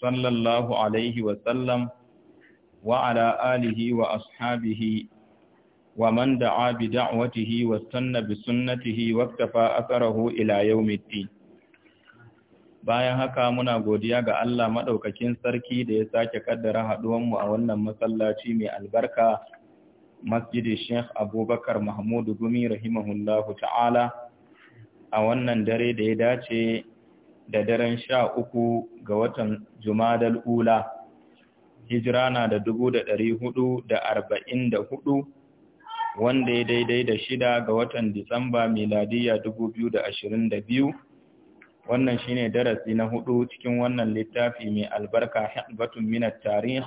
صلى الله عليه وسلم وعلى آله وأصحابه ومن دعا بدعوته واستنى بسنته واكتفى أثره إلى يوم الدين bayan haka muna godiya ga Allah madaukakin sarki da ya sake kaddara haduwanmu a wannan masallaci mai albarka masjidin Sheikh Abubakar Mahmud Gumi rahimahullahu ta'ala a wannan dare da ya dace da daren sha uku ga watan Jumadal Ula, hijira na da dubu da ɗari hudu da arba'in da hudu, wanda ya daidai da shida ga watan Disamba miladiya dubu biyu da ashirin da biyu. Wannan shi ne darasi na hudu cikin wannan littafi mai albarka batun minar Tarih,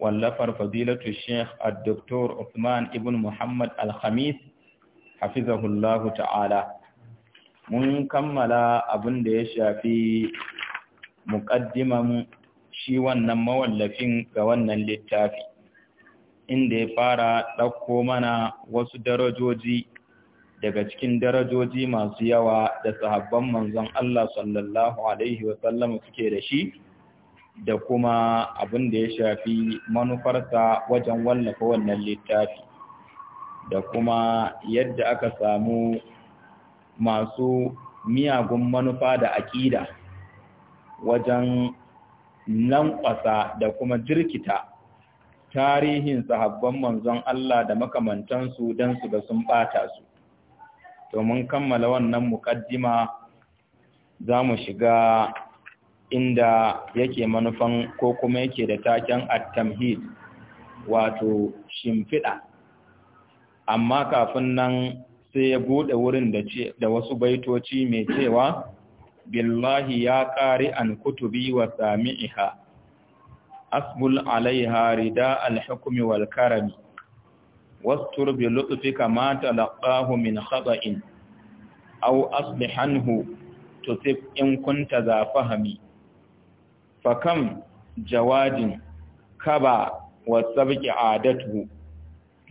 wallafar fadilatu Sheikh Ad-Doktor Ibn Muhammad Al-Khamis, hafizahullahu ta'ala. mun kammala abin da ya shafi muƙaddiman shi wannan mawallafin ga wannan littafi inda ya fara ɗauko mana wasu darajoji daga cikin darajoji masu yawa da sahabban manzon Allah sallallahu Alaihi wasallam suke da shi da kuma abin da ya shafi manufarsa wajen wallafa wannan littafi da kuma yadda aka samu masu miyagun manufa da aƙida wajen lankwasa da kuma jirkita tarihin sahabban manzon Allah da makamantansu don su ga sun ɓata su. To mun kammala wannan muƙaddima za mu shiga inda yake manufan ko kuma yake da taken at-tamhid wato shimfiɗa. Amma kafin nan sai ya bude wurin da wasu baitoci mai cewa billahi ya qari an kutubi wa sami'iha asbul alaiha rida al-hukmi wal karami wastur bi lutfika ma talaqahu min khata'in aw aslihanhu tusib in kunta za fahmi fakam jawadin kaba wa sabqi adatuhu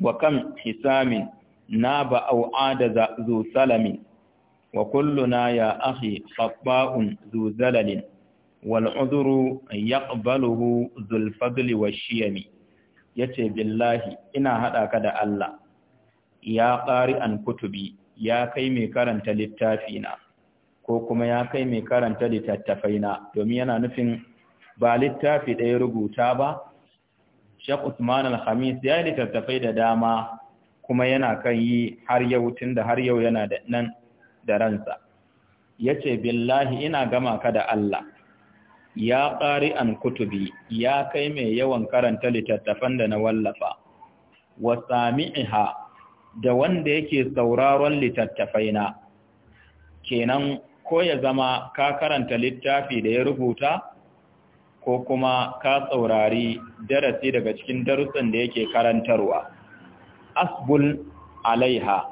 wa kam hisamin na ba au'ada zu salami wa kulluna ya akhi khabba'un zu zalalin wal udhru yaqbaluhu wa shiyami. Ya yace billahi ina haɗa ka da Allah ya ƙari an kutubi ya kai mai karanta littafina ko kuma ya kai mai karanta littattafaina domin yana nufin ba littafi ɗaya rubuta ba Sheikh Usman Al-Khamis ya yi littattafai da dama kuma yana kan yi har yau tun da har yau yana da nan da ransa ya ce billahi ina gama ka da Allah ya ƙari an kutubi ya kai mai yawan karanta littattafan da na wallafa wa sami'iha da wanda yake sauraron littattafaina kenan ko ya zama ka karanta littafi da ya rubuta ko kuma ka saurari darasi daga cikin darussan da yake karantarwa Asbul, alaiha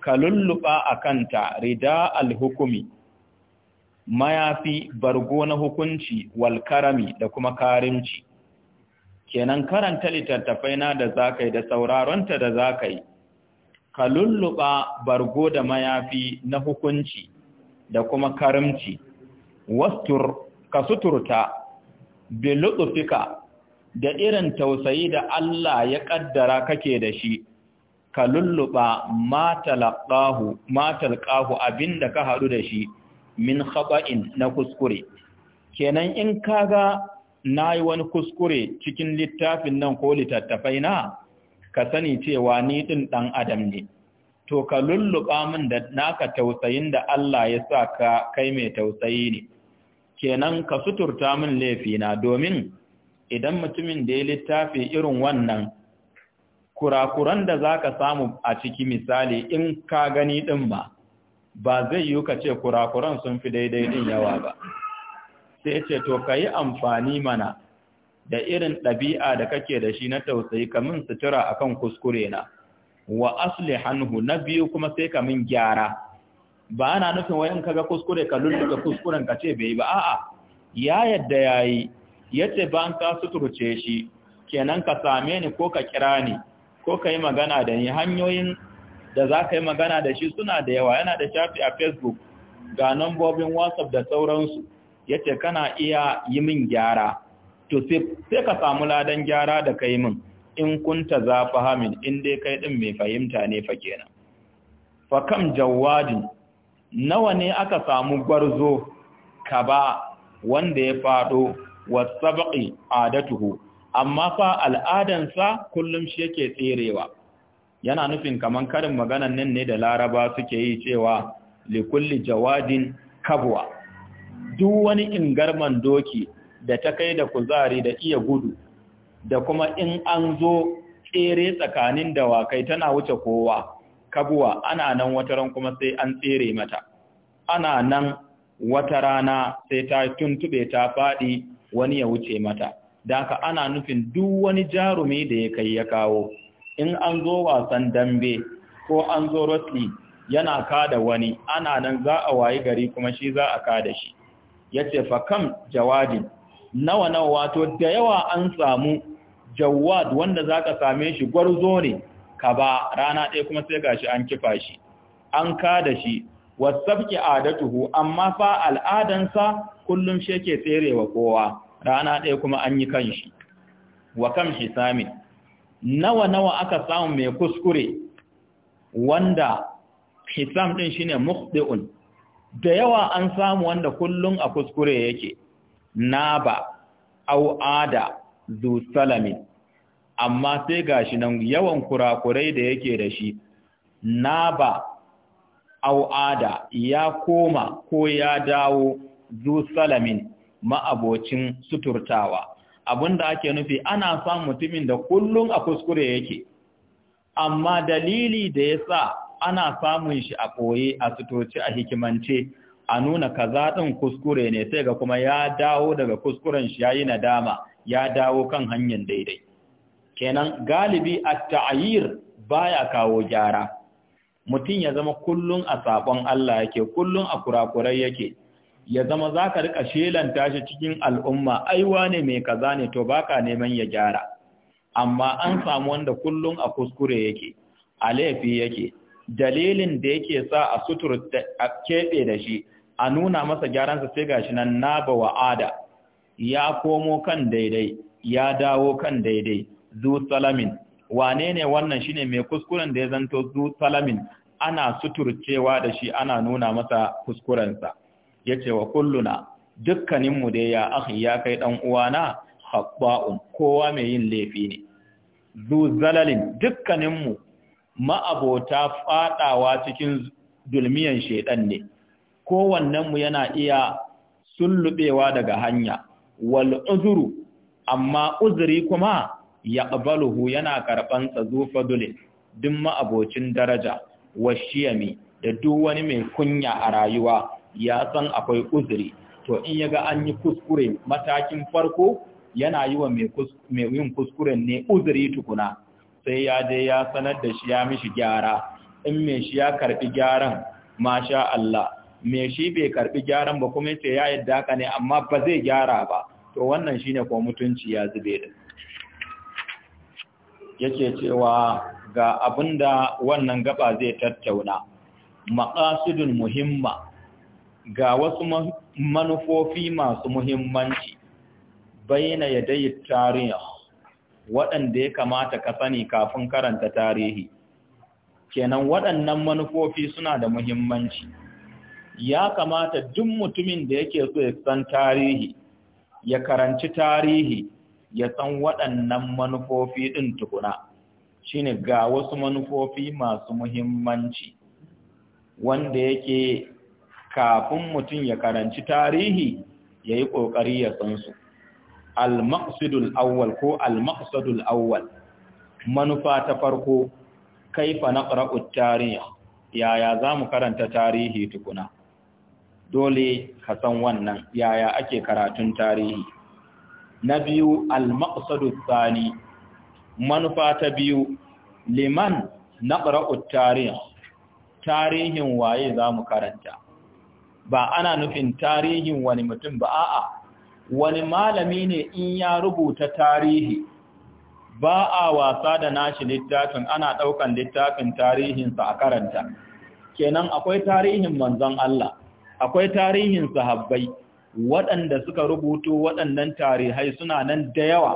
ka lulluɓa a kanta rida alhukumi mayafi bargo na hukunci wal karami da kuma karimci kenan karanta littattafai na da zakai da sauraronta da zakai ka lulluɓa bargo da mayafi na hukunci da kuma karimci wastur ka suturta bi da irin tausayi da Allah ya ƙaddara kake da shi ka lulluɓa matalƙahu abin da ka haɗu da shi min haɓa'in na kuskure. Kenan in kaga na yi wani kuskure cikin littafin nan ko littattafai na, ka sani cewa ni ɗin ɗan adam ne. To ka lulluɓa min da naka tausayin da Allah ya sa ka kai mai tausayi ne. Kenan ka suturta min laifina domin idan mutumin da ya littafi irin wannan kurakuran da za ka samu a ciki misali in ka gani ɗin ba, ba zai yi ka ce kurakuran sun fi daidai ɗin yawa ba. Sai ce, to ka yi amfani mana da irin ɗabi'a da kake da shi na tausayi kamin sutura a kan kuskure na, wa asli hannu na biyu kuma sai kamin gyara. Ba ana nufin wayan kaga kuskure ka lulluga kuskuren ka ce bai ba, a'a, ya yadda ya yi, ya ce ba an ka suturce shi, kenan ka same ni ko ka kira ni, ko ka yi magana da ni hanyoyin da za ka yi magana da shi suna da yawa yana da shafi a facebook ga nambobin whatsapp da sauransu ya ce kana iya yi min gyara to sai ka samu ladan gyara da ka yi min in kunta za fahamin in dai kai ɗin mai fahimta ne fa kenan fa kam jawadin nawa ne aka samu gwarzo ka ba wanda ya faɗo wasabaki adatuhu amma fa al'adansa kullum shi yake tserewa yana nufin kamar karin maganan nan ne da laraba suke yi cewa likulli jawadin kabwa duk wani ingarman doki da ta kai da kuzari da iya gudu da kuma in an zo tsere tsakanin dawakai tana wuce kowa "Kabwa" ana nan wata ran kuma sai an tsere mata ana nan wata rana sai ta tuntube ta faɗi wani ya wuce mata da ana nufin duk wani jarumi da ya kai ya kawo in an zo wasan dambe ko an zo rotli yana kada wani ana nan za a wayi gari kuma shi za a kada shi yace fa kam jawadin nawa nawa wato da yawa an samu jawad wanda zaka same shi gwarzo ne kaba rana ɗaya kuma sai gashi an kifa shi an ka da shi wasabki adatuhu amma fa al'adansa kullum shi yake tserewa kowa rana ɗaya kuma an yi kan shi wa kan hisamin nawa nawa aka samu mai kuskure wanda hisam ɗin shine mukhdi'un da yawa an samu wanda kullum a kuskure yake naba au ada zu salamin amma sai gashi nan yawan kurakurai da yake da shi naba au ada ya koma ko ya dawo zu salamin ma'abocin suturtawa da ake nufi ana samun mutumin da kullum a kuskure yake amma dalili da ya sa ana samun shi a koye a sutoci, a hikimance a nuna kaza ɗin kuskure ne sai ga kuma ya dawo daga kuskuren shi ya yi nadama ya dawo kan hanyar daidai kenan galibi at-ta'yir baya kawo gyara mutum ya zama kullum a sabon Allah yake kullum a kurakurai yake ya zama za ka riƙa shelanta shi cikin al'umma aiwa ne mai kaza ne to baka neman ya gyara amma an samu wanda kullum a kuskure yake a laifi yake dalilin da yake sa a sutur a keɓe da shi a nuna masa gyaransa sai gashi nan naba wa'ada ya komo kan daidai ya dawo kan daidai zu salamin wane ne wannan ne mai kuskuren da ya zanto zu salamin ana suturcewa da shi ana nuna masa kuskurensa ya ce wa kulluna dukkaninmu dai ya ahi ya kai ɗan uwana kowa mai yin laifi ne zu zalalin dukkaninmu ma'abota faɗawa cikin dulmiyan shaiɗan ne kowannenmu yana iya sulluɓewa daga hanya wal uzuru amma uzuri kuma ya ƙabaluhu yana karɓan zufa dulin, duk ma'abocin daraja wa shiyami da duk wani mai kunya a rayuwa ya san akwai uzuri to in yaga an yi kuskure matakin farko yana yi wa mai yin kuskure ne uzuri tukuna sai ya je ya sanar da shi ya mishi gyara in mai shi ya karbi gyaran masha Allah mai shi bai karbi gyaran ba kuma sai ya yadda ka ne amma ba zai gyara ba to wannan shine ko mutunci ya zube din yake cewa ga abinda wannan gaba zai tattauna maqasidul muhimma ga wasu manufofi masu muhimmanci bayyana yadayi tarihi waɗanda ya kamata ka sani kafin karanta tarihi kenan waɗannan manufofi suna da muhimmanci ya kamata duk mutumin da yake so ya san tarihi ya karanci tarihi ya san waɗannan manufofi ɗin tukuna shine ga wasu manufofi masu muhimmanci wanda yake kafin mutum ya karanci tarihi ya yi ƙoƙari ya sansu. Al-maqsidul awwal ko al-maqsadul awwal manufa ta farko kaifa naqra'u tarihi yaya za mu karanta tarihi tukuna dole ka san wannan yaya ake karatun tarihi na biyu al maqsadul manufa ta biyu liman naqra'u tarihi tarihin waye za mu karanta ba ana nufin tarihin wani mutum ba a'a wani malami ne in ya rubuta tarihi ba a wasa da nashi littafin ana ɗaukan littafin tarihinsa a karanta kenan akwai tarihin manzon Allah akwai tarihin sahabbai waɗanda suka rubuto waɗannan tarihai suna nan da yawa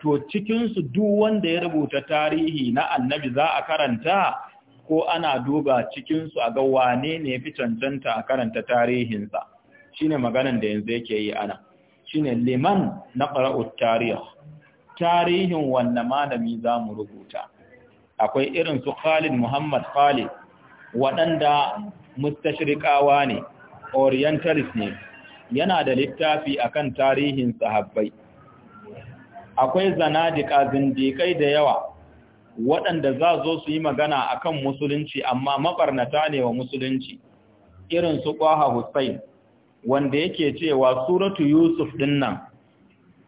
to cikinsu duk wanda ya rubuta tarihi na annabi za a karanta ko ana duba cikinsu a ga wane ne fi cancanta a karanta tarihinsa Shi ne maganan da yanzu yake yi ana Shi ne liman na ƙara'ut tarih tarihin wannan malami za mu rubuta akwai irin su Khalid Muhammad Khalid waɗanda mustashirikawa ne orientalist ne yana da littafi akan tarihin sahabbai akwai zanadika zindikai da yawa waɗanda za zo su yi magana a kan musulunci amma maɓarnata ne wa musulunci irin su ƙwaha Hussein wanda yake cewa suratu Yusuf nan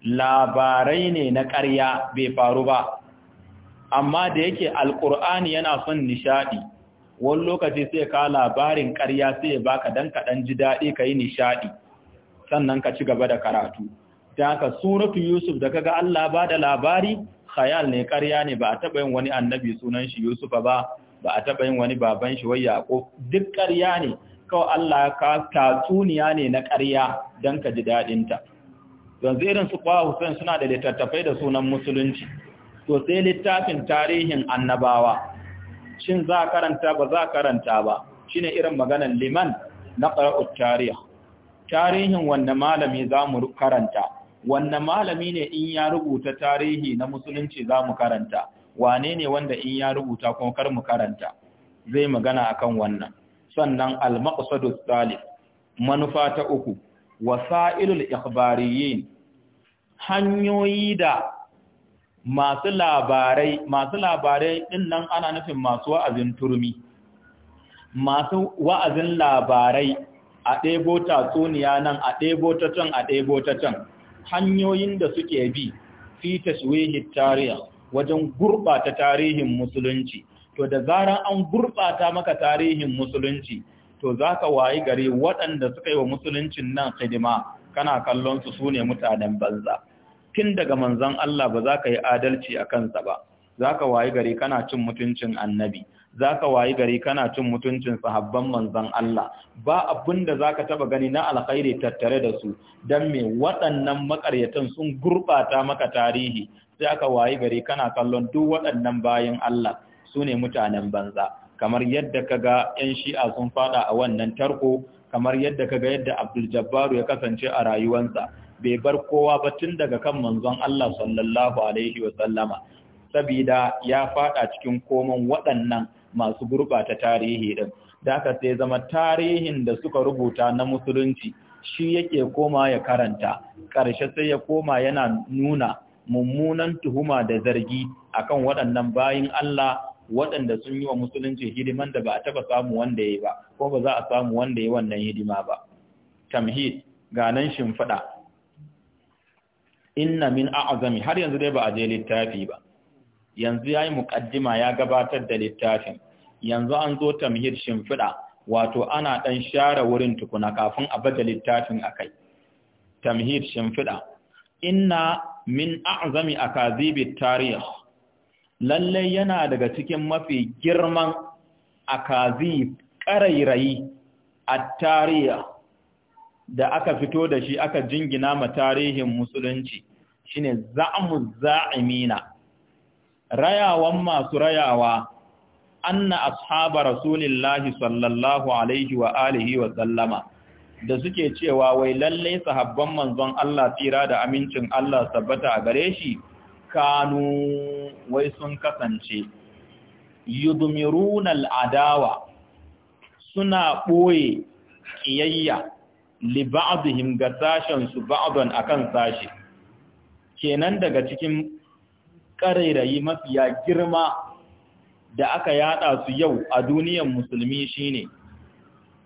labarai ne na ƙarya bai faru ba amma da yake alƙur'ani yana son nishaɗi wani lokaci sai ka labarin ƙarya sai baka dan kaɗan ji daɗi ka yi nishaɗi sannan ka ci gaba da karatu ta haka suratu Yusuf da kaga Allah ba da labari khayal ne ƙarya ne ba a taɓa yin wani annabi sunan shi Yusufa ba ba a taɓa yin wani baban shi wai Yaqub duk ƙarya ne kawai Allah ka tatsuniya ne na ƙarya don ka ji dadin ta yanzu irin su kwa Hussein suna da littattafai da sunan musulunci to sai littafin tarihin annabawa shin za karanta ba za karanta ba shine irin maganar liman na qara'ut tarih tarihin wanda malami za mu karanta wanne malami ne in ya rubuta tarihi na musulunci za mu karanta wane ne wanda in ya rubuta kuma kar mu karanta zai magana akan wannan sannan al-maqsadus salih manufa ta uku wasailul ikhbariyin hanyoyi da masu labarai masu labarai din nan ana nufin masu wa'azin turmi masu wa'azin labarai a ɗebo tatsuniya nan a ɗebo ta can a ɗebo ta can hanyoyin da suke bi fi tashwihi tariya wajen gurɓata tarihin musulunci to da zarar an gurɓata maka tarihin musulunci to zaka wayi gari waɗanda suka yi wa musuluncin nan hidima kana kallon su sune mutanen banza Kin daga manzon Allah ba za ka yi adalci a kansa ba zaka wayi gari kana cin mutuncin annabi za ka wayi gari kana cin mutuncin sahabban manzan Allah ba abin da za ka taba gani na alkhairi tattare da su don me waɗannan makaryatan sun gurɓata maka tarihi sai aka wayi gari kana kallon duk waɗannan bayan Allah su ne mutanen banza kamar yadda ka ga 'yan shi'a sun faɗa a wannan tarko kamar yadda ka ga yadda Abdul Jabbaru ya kasance a rayuwansa bai bar kowa ba tun daga kan manzon Allah sallallahu alaihi wa sallama sabida ya faɗa cikin koman waɗannan masu gurɓata tarihi din da aka sai zama tarihin da suka rubuta na musulunci shi yake koma ya karanta ƙarshe sai ya koma yana nuna mummunan tuhuma da zargi akan waɗannan bayin Allah waɗanda sun yi wa musulunci hidiman da ba a taɓa samu wanda ya yi ba ko ba za a samu wanda ya wannan hidima ba tamhid ganan shimfiɗa inna min a'azami har yanzu dai ba a je littafi ba yanzu ya yi muƙaddima ya gabatar da littafin yanzu an zo tamhid shimfiɗa wato ana ɗan share wurin tukuna kafin a bada littafin a kai. tamhid shimfiɗa inna min a'zami akazibi tarih Lallai yana daga cikin mafi girman akazib ƙarairayi a tarihi da aka fito da shi aka jingina ma tarihin musulunci shine za'mu za'imina rayawan masu rayawa anna ashaba rasulillahi sallallahu alaihi wa alihi wa sallama da suke cewa wai lallai sahabban manzon Allah tsira da amincin Allah sabbata a gare shi kanu wai sun kasance yudmiruna al'adawa suna ɓoye kiyayya li ba'dihim ga sashen su ba'dan akan sashi kenan daga cikin ƙarairayi mafiya girma da aka yada su yau a duniyar musulmi shine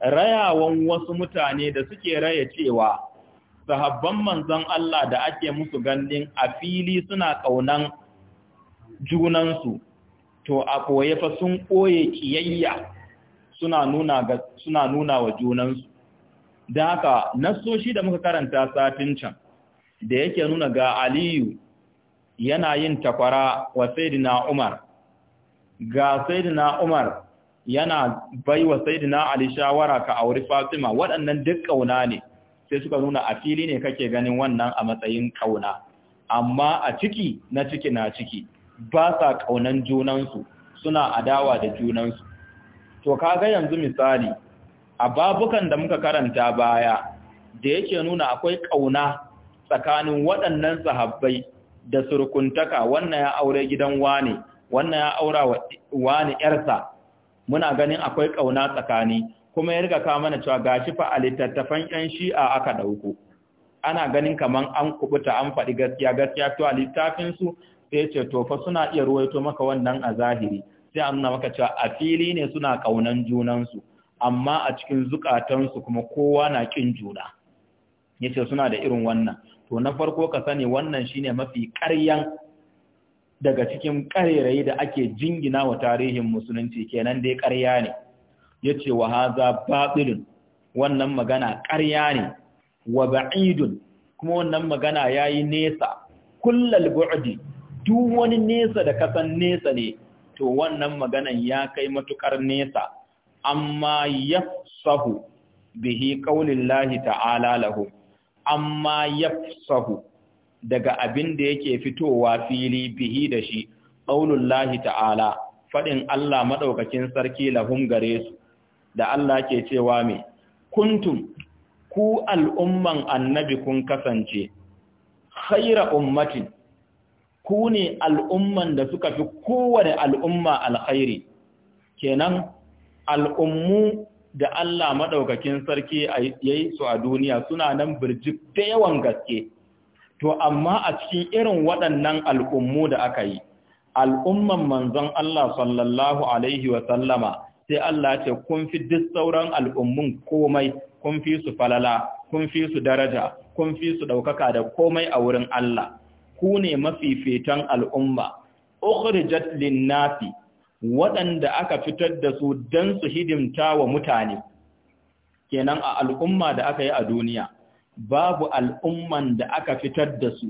rayawan wasu mutane da suke raya cewa sahabban manzon Allah da ake musu gandin a fili suna ƙaunan junansu to a koye fa sun koye kiyayya suna nuna ga suna nuna wa junansu da haka nasoshi da muka karanta satin can da yake nuna ga Aliyu yana yin takwara wa sayyidina Umar ga sayyidina Umar yana bai wa sayyidina Ali shawara ka auri Fatima waɗannan duk kauna ne sai suka nuna a fili ne kake ganin wannan a matsayin kauna amma a ciki na ciki na ciki ba sa kaunan junansu suna adawa da junansu to kaga yanzu misali a babukan da muka karanta baya da yake nuna akwai kauna tsakanin waɗannan sahabbai da surkuntaka wannan ya aure gidan wane wannan ya aura wane yarsa muna ganin akwai kauna tsakani kuma ya riga ka mana cewa gashi fa a littattafan yan shi'a aka dauko ana ganin kaman an kubuta an faɗi gaskiya gaskiya to a littafin su sai ce to fa suna iya ruwaito maka wannan a zahiri sai an nuna maka cewa a fili ne suna kaunan junansu amma a cikin zukatansu kuma kowa na kin juna yace suna da irin wannan to na farko ka sani wannan shine mafi ƙaryan daga cikin ƙarerayi da ake jingina wa tarihin musulunci kenan dai ƙarya ne yace wa haza batilun wannan magana ƙarya ne wa ba'idun kuma wannan magana yayi nesa kullal bu'di duk wani nesa da kasan nesa ne to wannan maganan ya kai matukar nesa amma yafsahu bihi qaulillahi ta'ala lahu amma yafsahu daga abin da yake fitowa fili bihi da shi qaulullahi ta'ala faɗin Allah madaukakin sarki lahum gare su da Allah ke cewa mai. kuntum ku al'umman annabi kun kasance khaira ummatin ku ne al'umman da suka fi kowane al'umma alkhairi kenan al'ummu da Allah maɗaukakin sarki ya yi su a duniya suna nan birjik da yawan gaske. To, amma a cikin irin waɗannan al'ummu da aka yi, al'umman manzon Allah sallallahu Alaihi wasallama sai Allah ce, kun fi duk sauran al'ummun komai, kun fi su falala, kun fi su daraja, kun fi su ɗaukaka da komai a wurin Allah, ku ne mafifitan al'umma, ukhrijat lin nasi waɗanda aka fitar da su don su hidimta wa mutane kenan a al'umma da aka yi a duniya babu al'umman da aka fitar da su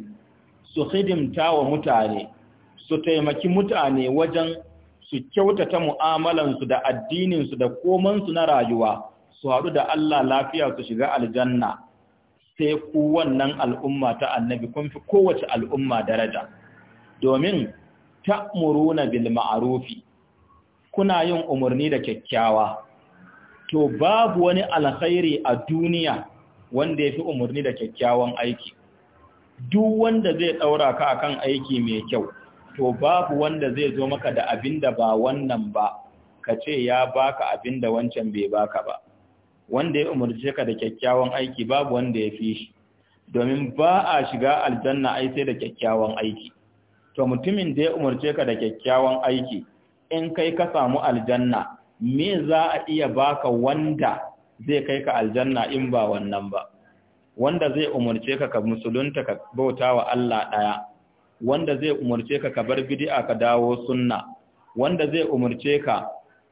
su hidimta wa mutane su taimaki mutane wajen su kyautata mu'amalansu da addininsu da komansu na rayuwa su haɗu da Allah lafiya su shiga aljanna sai ku wannan al'umma ta annabi kun fi kowace al'umma daraja domin ta muruna bil ma'arufi kuna yin umarni da kyakkyawa to babu wani alkhairi a duniya wanda ya fi umarni da kyakkyawan aiki duk wanda zai ɗaura ka akan aiki mai kyau to babu wanda zai zo maka da abin ba wannan ba ka ce ya baka abinda wancan bai baka ba wanda ya umarce ka da kyakkyawan aiki babu wanda ya fi shi domin ba a shiga aljanna ai sai da kyakkyawan aiki to mutumin da ya umarce ka da kyakkyawan aiki in kai ka samu aljanna me za a iya baka wanda zai kai ka aljanna in ba wannan ba wanda zai umarce ka ka musulunta ka bauta wa Allah ɗaya wanda zai umarce ka ka bar bid'a ka dawo sunna wanda zai umarce ka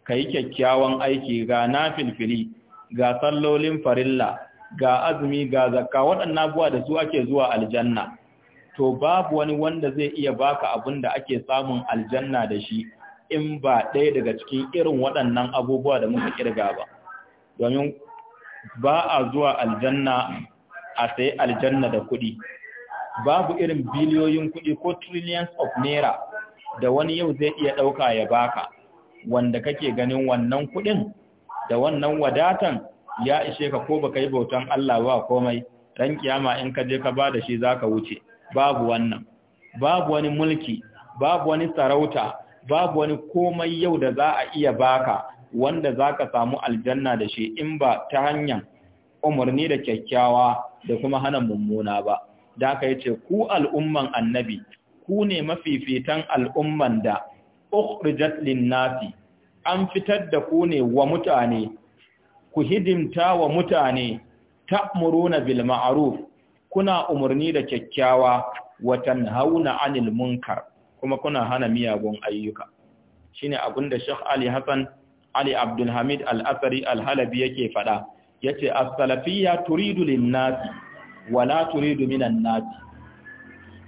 ka yi kyakkyawan aiki ga nafilfili ga sallolin farilla ga azumi ga zakka waɗannan abuwa da su ake zuwa aljanna to babu wani wanda zai iya baka abin da ake samun aljanna da shi in ba ɗaya daga cikin irin waɗannan abubuwa da muka ƙirga ba domin ba a zuwa aljanna a sayi aljanna da kuɗi babu irin biliyoyin kuɗi ko trillions of naira da wani yau zai iya ɗauka ya baka wanda kake ganin wannan kuɗin da wannan wadatan ya ishe ka ko baka yi bautan Allah ba komai ran kiyama in ka je ka ba da shi zaka wuce babu wannan babu wani mulki babu wani sarauta babu wani komai yau da za a iya baka wanda za ka samu aljanna da shi in ba ta hanyar umarni da kyakkyawa da kuma hana mummuna ba da aka yi ce ku al'umman annabi ku ne mafifitan al'umman da ukhrijat linnasi an fitar da ku ne wa mutane ku hidimta wa mutane ta'muruna bil ma'aruf kuna umarni da kyakkyawa watan hauna 'anil munkar kuma kuna hana miyagun ayyuka shine abin da Sheikh Ali Hassan Ali Abdul Hamid Al-Asari Al-Halabi yake fada yace as-salafiyya turidu lin wala wa la turidu minan-nas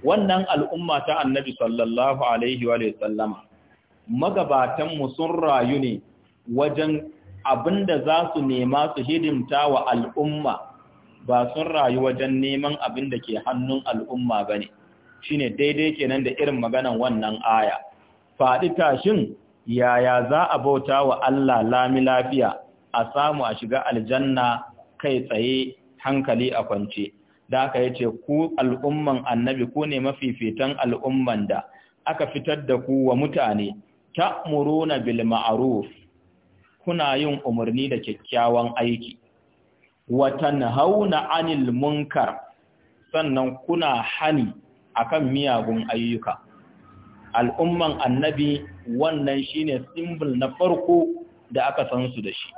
wannan al'umma ta Annabi sallallahu alaihi wa sallama magabatan mu sun rayu ne wajen abinda za su nema su hidimta wa al'umma ba sun rayu wajen neman abin da ke hannun al'umma bane shine daidai kenan da irin maganan wannan aya faɗi tashin yaya za a bauta wa Allah lami lafiya a samu a shiga aljanna kai tsaye hankali a kwance da aka yace ku al'umman annabi ku ne mafifitan al'umman da aka fitar da ku wa mutane ta'muruna bil ma'ruf kuna yin umarni da kyakkyawan aiki wa tanhauna 'anil munkar sannan kuna hani akan miyagun ayyuka al'umman annabi wannan shine simbol na farko da aka san su da shi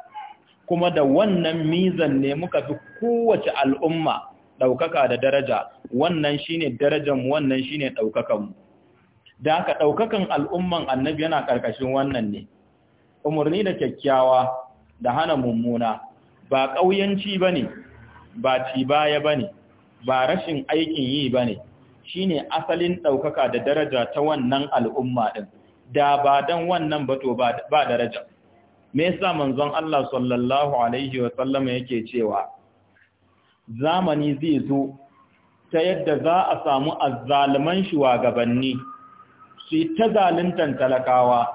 kuma da wannan mizan ne muka fi kowace al'umma ɗaukaka da daraja wannan shine mu, wannan shine ɗaukakan mu da aka ɗaukakan al'umman annabi yana ƙarƙashin wannan ne umarni da kyakkyawa da hana mummuna ba ƙauyanci ba ne ba ci baya ba ba rashin aikin yi ba shine asalin ɗaukaka da daraja ta wannan al'umma ɗin, da ba don wannan ba ba daraja. Me yasa manzon Allah sallallahu Alaihi wasallama yake cewa, zamani zai zo ta yadda za a samu azzaliman shugabanni su ta zaluntan talakawa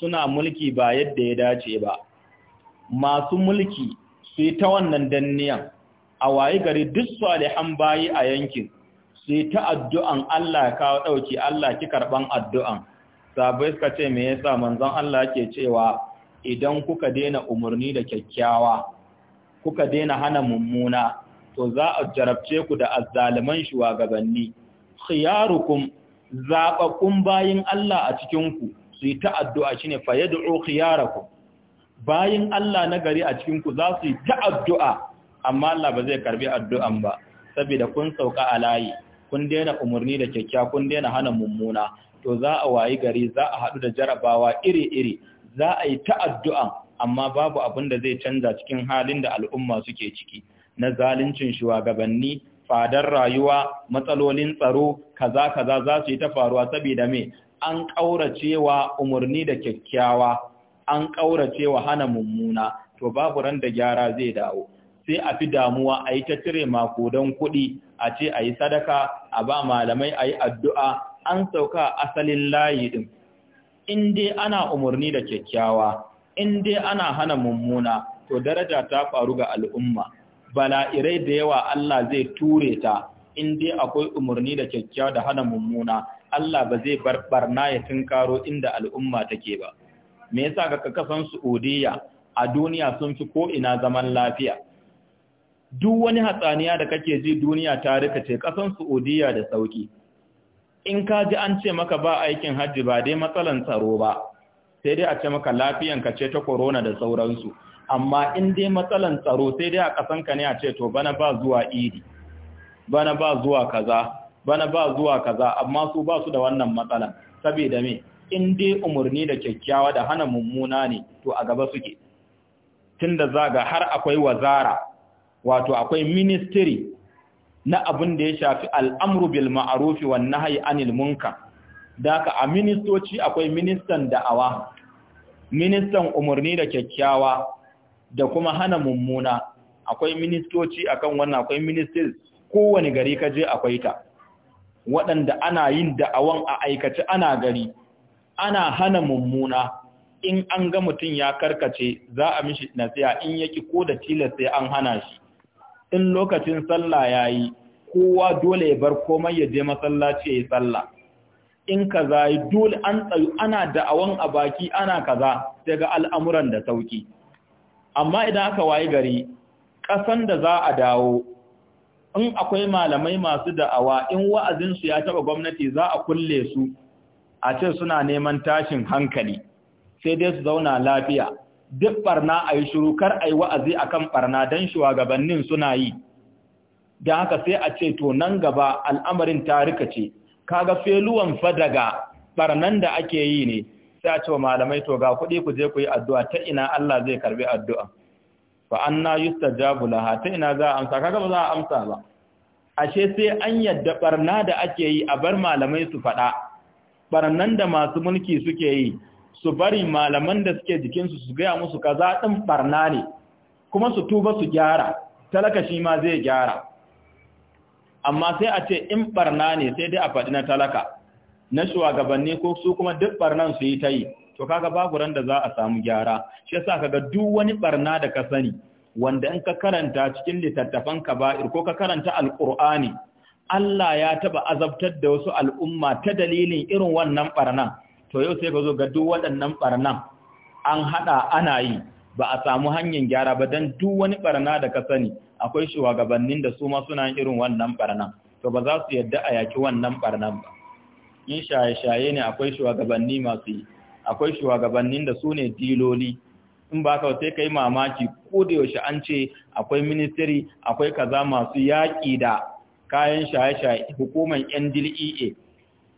suna mulki ba yadda ya dace ba masu mulki su ta wannan danniyan a waye gari duk salihan bayi a yankin sai ta addu'an Allah kawo ɗauki Allah ki karɓan addu'an, sabai suka ce me yasa manzon Allah ke cewa idan kuka daina umarni da kyakkyawa, kuka daina hana mummuna, to za a jarabce ku da azzaliman shugabanni. Khiyarukum zaɓaɓɓun bayin Allah a cikinku su yi ta addu'a shi ne faye fayadu'o khiyarakum. Bayin Allah na gari a cikinku za su yi ta addu'a, amma Allah ba zai karɓi addu'an ba, saboda kun sauka a layi. kun daina umarni da kyakkyawa kun daina hana mummuna to za a wayi gari za a haɗu da jarabawa iri-iri za a yi ta amma babu abin da zai canza cikin halin da al'umma suke ciki na zaluncin shugabanni fadar rayuwa matsalolin tsaro kaza kaza za su yi ta faruwa saboda me an ƙauracewa umarni da kyakkyawa an ƙauracewa hana mummuna to babu ran da gyara zai dawo sai a fi damuwa a yi ta cire makodan kuɗi a ce a yi sadaka a ba malamai a yi addu'a an sauka asalin layi ɗin in dai ana umarni da kyakkyawa in dai ana hana mummuna to daraja ta faru ga al'umma bala'irai da yawa Allah zai ture ta in dai akwai umarni da kyakkyawa da hana mummuna Allah ba zai bar barna ya tunkaro inda al'umma take ba me yasa ga kasan Odeya? a duniya sun fi ko ina zaman lafiya duk wani hatsaniya da kake ji duniya ta rika ce ƙasan Saudiya da sauki. In ka ji an ce maka ba aikin hajji ba dai matsalan tsaro ba, sai dai a ce maka lafiyan ka ce ta korona da sauransu. Amma in dai matsalan tsaro sai dai a kasan ka ne a ce to bana ba zuwa idi, bana ba zuwa kaza, bana ba zuwa kaza, amma su ba su da wannan matsalan. Saboda me, in dai umarni da kyakkyawa da hana mummuna ne, to a gaba suke. Tunda zaga har akwai wazara, wato akwai ministry na abin da ya shafi al'amru bil ma'arufi wa nahyi anil munkar daka a ministoci akwai ministan da'awa ministan umarni da kyakkyawa da kuma hana mummuna akwai ministoci akan wannan akwai ministers kowane gari ka je akwai ta waɗanda ana yin da'awan a aikace ana gari ana hana mummuna in an ga mutum ya karkace za a mishi nasiya. in yaki ko da tilasta an hana shi in lokacin sallah yayi kowa dole ya bar komai ya je masallaci ya yi sallah in kaza yi dole an tsayu ana da'awan a baki ana kaza daga al'amuran da sauki amma idan aka wayi gari ƙasan da za a dawo in akwai malamai masu da'awa in wa'azinsu ya taɓa gwamnati za a kulle su a ce suna neman tashin hankali sai dai su zauna lafiya duk barna a yi shuru kar a yi wa'azi a kan barna don shugabannin suna yi don haka sai a ce to nan gaba al'amarin tarika ce kaga feluwan fa daga barnan da ake yi ne sai a ce wa malamai to ga kuɗi ku je ku yi addu'a ta ina Allah zai karbi addu'a fa anna yustajabu laha ta ina za a amsa kaga ba za a amsa ba ashe sai an yadda barna da ake yi a bar malamai su faɗa barnan da masu mulki suke yi su bari malaman da suke jikinsu su gaya musu kaza ɗin barna ne kuma su tuba su gyara talaka shi ma zai gyara amma sai a ce in ɓarna ne sai dai a faɗi na talaka na shugabanni ko su kuma duk barnan su yi ta yi to kaga babu randa da za a samu gyara shi yasa kaga duk wani ɓarna da ka sani wanda in ka karanta cikin littattafan kaba'ir ko ka karanta alqur'ani Allah ya taɓa azabtar da wasu al'umma ta dalilin irin wannan ɓarnan to yau sai ka zo ga duk waɗannan ɓarnan an haɗa ana yi ba a samu hanyar gyara ba don duk wani ɓarna da ka sani akwai shugabannin da su ma suna irin wannan ɓarnan to ba za su yadda a yaki wannan ɓarnan ba in shaye-shaye ne akwai shugabanni masu yi akwai shugabannin da su ne diloli in ba ka sai yi mamaki ko da yaushe an ce akwai ministiri, akwai kaza masu yaƙi da kayan shaye-shaye hukumar NDLEA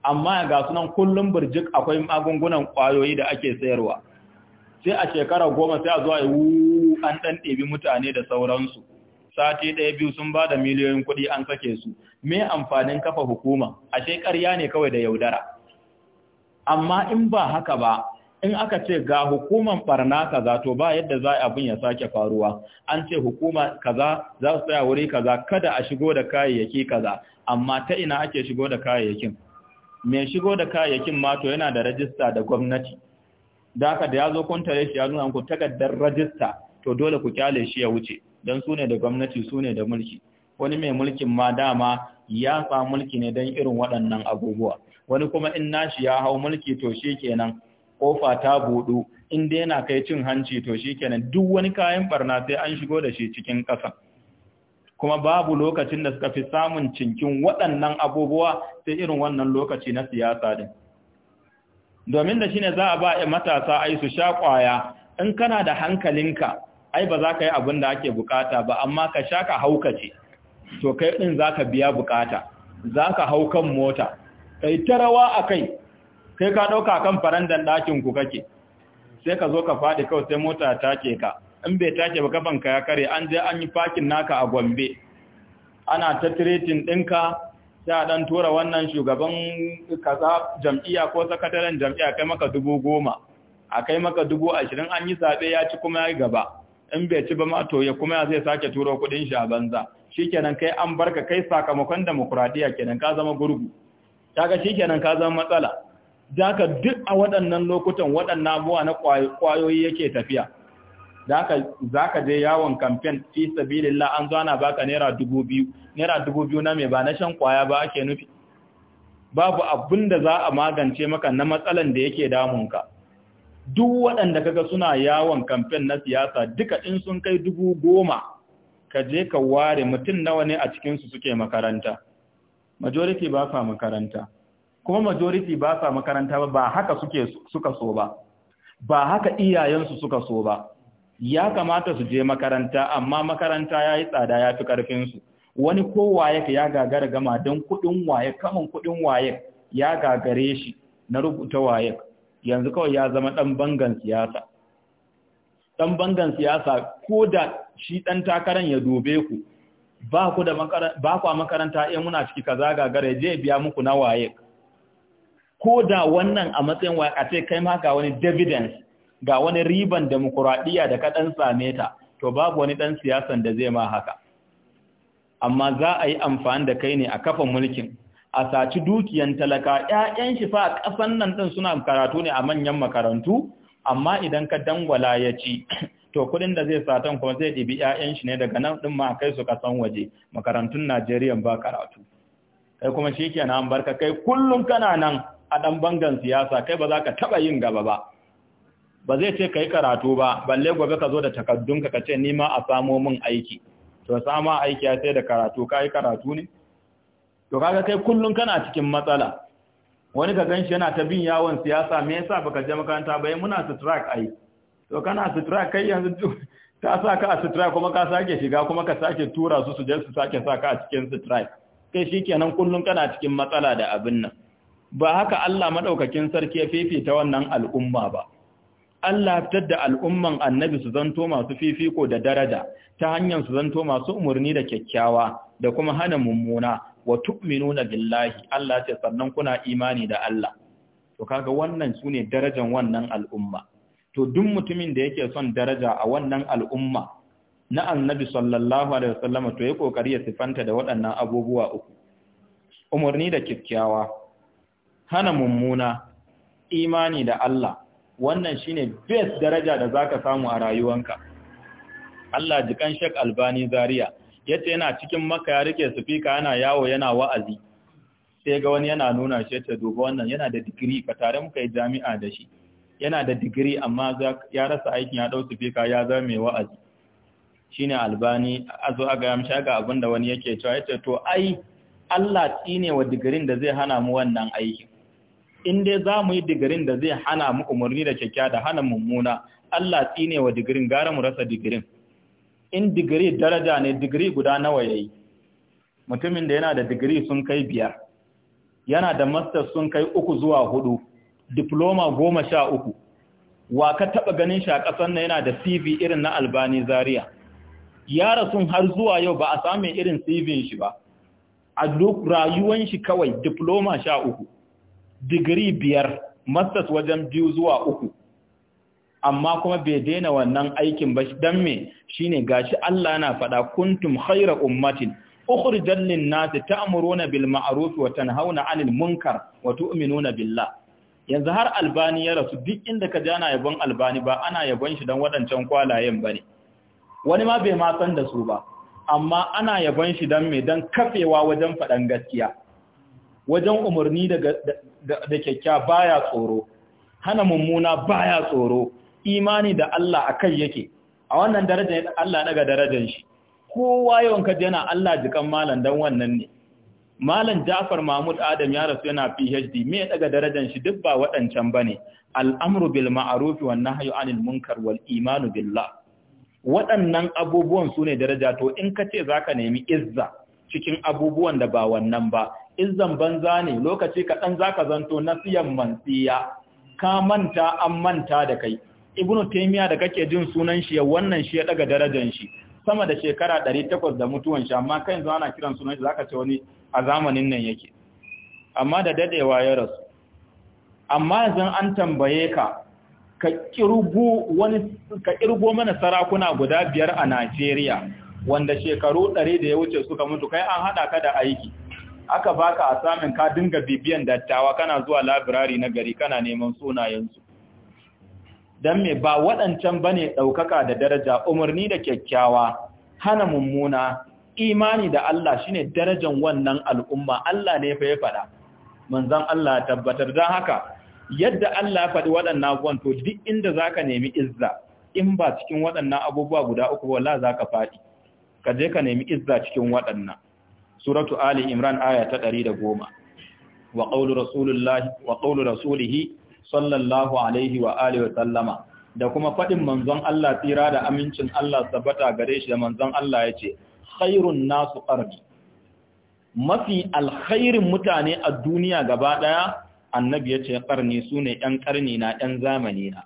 amma ga sunan kullum birjik akwai magungunan kwayoyi da ake sayarwa sai a shekarar goma sai a zuwa yi an ɗan ɗebi mutane da sauransu sati ɗaya biyu sun ba da miliyoyin kuɗi an sake su me amfanin kafa hukuma ashe ƙarya ne kawai da yaudara amma in ba haka ba in aka ce ga hukuman barna kaza to ba yadda za abin ya sake faruwa an ce hukuma kaza za su tsaya wuri kaza kada a shigo da kayayyaki kaza amma ta ina ake shigo da kayayyakin mai shigo da kayayyakin mato yana da rajista da gwamnati da aka da ya zo kun shi ya nuna ku takardar rajista to dole ku kyale shi ya wuce don su ne da gwamnati su ne da mulki wani mai mulkin ma dama ya sa mulki ne don irin waɗannan abubuwa wani kuma in nashi ya hau mulki to shi kenan kofa ta buɗu in dai yana kai cin hanci to shi kenan duk wani kayan barna sai an shigo da shi cikin ƙasa kuma babu lokacin da suka fi samun cinkin waɗannan abubuwa sai irin wannan lokaci na siyasa din domin da shi ne za a ba matasa ai su sha ƙwaya. in kana da hankalinka ai ba za ka yi abin da ake bukata ba amma ka sha ka haukace to kai ɗin za ka biya bukata za ka hau kan mota kai ta rawa a kai kai ka ɗauka kan farandan ɗakin ku kake sai ka zo ka faɗi kawai sai mota ta ke ka in bai take ba kafanka ya kare an je an yi fakin naka a gombe ana ta tiretin ɗinka sai a ɗan tura wannan shugaban kaza jam'iyya ko sakataren jam'iyya kai maka dubu goma a kai maka dubu ashirin an yi zaɓe ya ci kuma ya yi gaba in bai ci ba ma to ya kuma ya zai sake turo kuɗin shi a banza shikenan kai an barka kai sakamakon demokuraɗiyya kenan ka zama gurgu kaga shikenan ka zama matsala Daka duk a waɗannan lokutan waɗannan abuwa na ƙwayoyi yake tafiya za ka je yawon kamfen fi sabilillah an zo ana baka naira dubu biyu naira dubu biyu na mai ba na shan kwaya ba ake nufi babu abin da za a magance maka na matsalan da yake ka. duk waɗanda kaga suna yawon kamfen na siyasa duka in sun kai dubu goma ka je ka ware mutum nawa ne a cikinsu suke makaranta majority ba sa makaranta kuma majority ba sa makaranta ba haka suke suka so ba ba haka iyayensu suka so ba ya kamata su je makaranta amma makaranta ya yi tsada ya fi ƙarfinsu wani kowaye ya gagara gama don kuɗin waye kaman kuɗin waye ya gagare shi na rubuta waye yanzu kawai ya zama ɗan bangan siyasa ɗan bangan siyasa ko da shi ɗan takaran ya dobe ku ba ku da makaranta ya eh, muna ciki kaza gagara je biya muku na waye ko da wannan a matsayin waye a ce kai ma ga wani dividends ga wani riban demokuraɗiyya da ka ɗan same ta, to babu wani ɗan siyasan da zai ma haka. Amma za a yi amfani da kai ne a kafa mulkin, a saci dukiyan talaka, ‘ya'yan shi fa a ƙasan nan ɗin suna karatu ne a manyan makarantu, amma idan ka dangwala ya ci, to kuɗin da zai satan kuma zai ɗibi ‘ya'yan shi ne daga nan ɗin ma kai su ƙasan waje, makarantun Najeriya ba karatu. Kai kuma shi nan barka kai kullum kana nan a ɗan bangan siyasa, kai ba za ka taɓa yin gaba ba. ba zai ce ka yi karatu ba balle gobe ka zo da takaddunka ka ce nima a samo min aiki to sama aiki ya sai da karatu ka yi karatu ne to kaga kai kullum kana cikin matsala wani ka ganshi yana ta bin yawon siyasa me yasa baka je makaranta ba eh, muna strike ai to kana strike kai yanzu ka sa ka a strike kuma ka sake shiga kuma ka sake tura su su je su sake sa ka a cikin strike kai shikenan kullun kana cikin matsala da abin nan ba haka Allah madaukakin sarki ya fifita wannan al'umma ba Allah fitar da al'umman annabi su zanto masu fifiko da daraja ta hanyar su zanto masu umarni da kyakkyawa da kuma hana mummuna wa na billahi Allah ce sannan kuna imani da Allah to kaga wannan su ne darajan wannan al'umma to duk mutumin da yake son daraja a wannan al'umma na annabi sallallahu alaihi to ya ƙoƙari ya sifanta da waɗannan abubuwa uku umarni da kyakkyawa hana mummuna imani da Allah wannan shine best daraja da zaka samu a rayuwanka Allah jikan Sheikh Albani Zaria yace yana cikin maka ya rike fika yana yawo yana wa'azi sai ga wani yana nuna shi yace duba wannan yana da digiri ka tare muka yi jami'a da shi yana da digiri amma ya rasa aikin ya dau fika ya zama mai wa'azi shine Albani azo aga yamshi ga abinda wani yake cewa yace to ai Allah tsine wa digirin da zai hana mu wannan aikin in dai za mu yi digirin da zai hana mu umarni da kyakkya da hana mummuna Allah tsine wa digirin gara mu rasa digirin in digiri daraja ne digiri guda nawa yayi mutumin da yana da digiri sun kai biyar yana da master sun kai uku zuwa hudu diploma goma sha uku wa ka taɓa ganin shi a ƙasar na yana da CV irin na Albani Zaria. Ya sun har zuwa yau ba a samun irin CV shi ba, a duk rayuwan shi kawai diploma sha uku. digiri biyar masters wajen biyu zuwa uku amma kuma bai daina wannan aikin ba dan me shine gashi Allah yana faɗa kuntum haira ummatin ukhrijat lin-nas ta'muruna bil ma'ruf wa tanhauna 'anil munkar wa tu'minuna billah yanzu har albani ya rasu duk inda ka jana yabon albani ba ana yabon shi dan wadancan kwalayen ne. wani ma bai ma san da su ba amma ana yabon shi dan me dan kafewa wajen faɗan gaskiya wajen umarni da kyakkya baya tsoro hana mummuna baya tsoro imani da Allah akai yake a wannan darajar Allah daga darajar shi kowa yawan kaji yana Allah jikan malam dan wannan ne malam Ja'far Mahmud Adam ya rasu yana PhD me daga darajar shi duk ba waɗancan bane al'amru bil ma'ruf wan nahyu anil munkar wal imanu billah waɗannan abubuwan su ne daraja to in ka ce za ka nemi izza cikin abubuwan da ba wannan ba izzan banza ne lokaci kaɗan za ka zanto siyan mansiya ka manta an manta da kai ibnu taimiya da kake jin sunan shi wannan shi ya daga darajar shi sama da shekara 800 da mutuwan shi amma kai yanzu ana kiran sunan shi zaka ce wani a zamanin nan yake amma da dadewa ya rasu amma yanzu an tambaye ka ka kirgo wani ka kirgo mana sarakuna guda biyar a Najeriya wanda shekaru 100 da ya wuce suka mutu kai an hada ka da aiki aka baka a samun ka dinga bibiyan dattawa kana zuwa labirari na gari kana neman sunayensu dan me ba waɗancan bane ɗaukaka da daraja umarni da kyakkyawa hana mummuna imani da Allah shine darajan wannan al'umma Allah ne fa ya faɗa manzon Allah tabbatar don haka yadda Allah ya faɗi waɗannan abubuwan to duk inda zaka nemi izza in ba cikin waɗannan abubuwa guda uku ba wala zaka faɗi ka je ka nemi izza cikin waɗannan suratu ali imran aya ta ɗari da goma. rasulillahi wa qawlu rasulihi sallallahu alaihi wa alihi wa sallama da kuma faɗin manzon Allah tsira da amincin Allah sabata gare shi da manzon Allah yace khairun nasu qarni mafi alkhairin mutane a duniya gaba ɗaya? annabi 'ƙarni su sune yan ƙarni na yan zamani na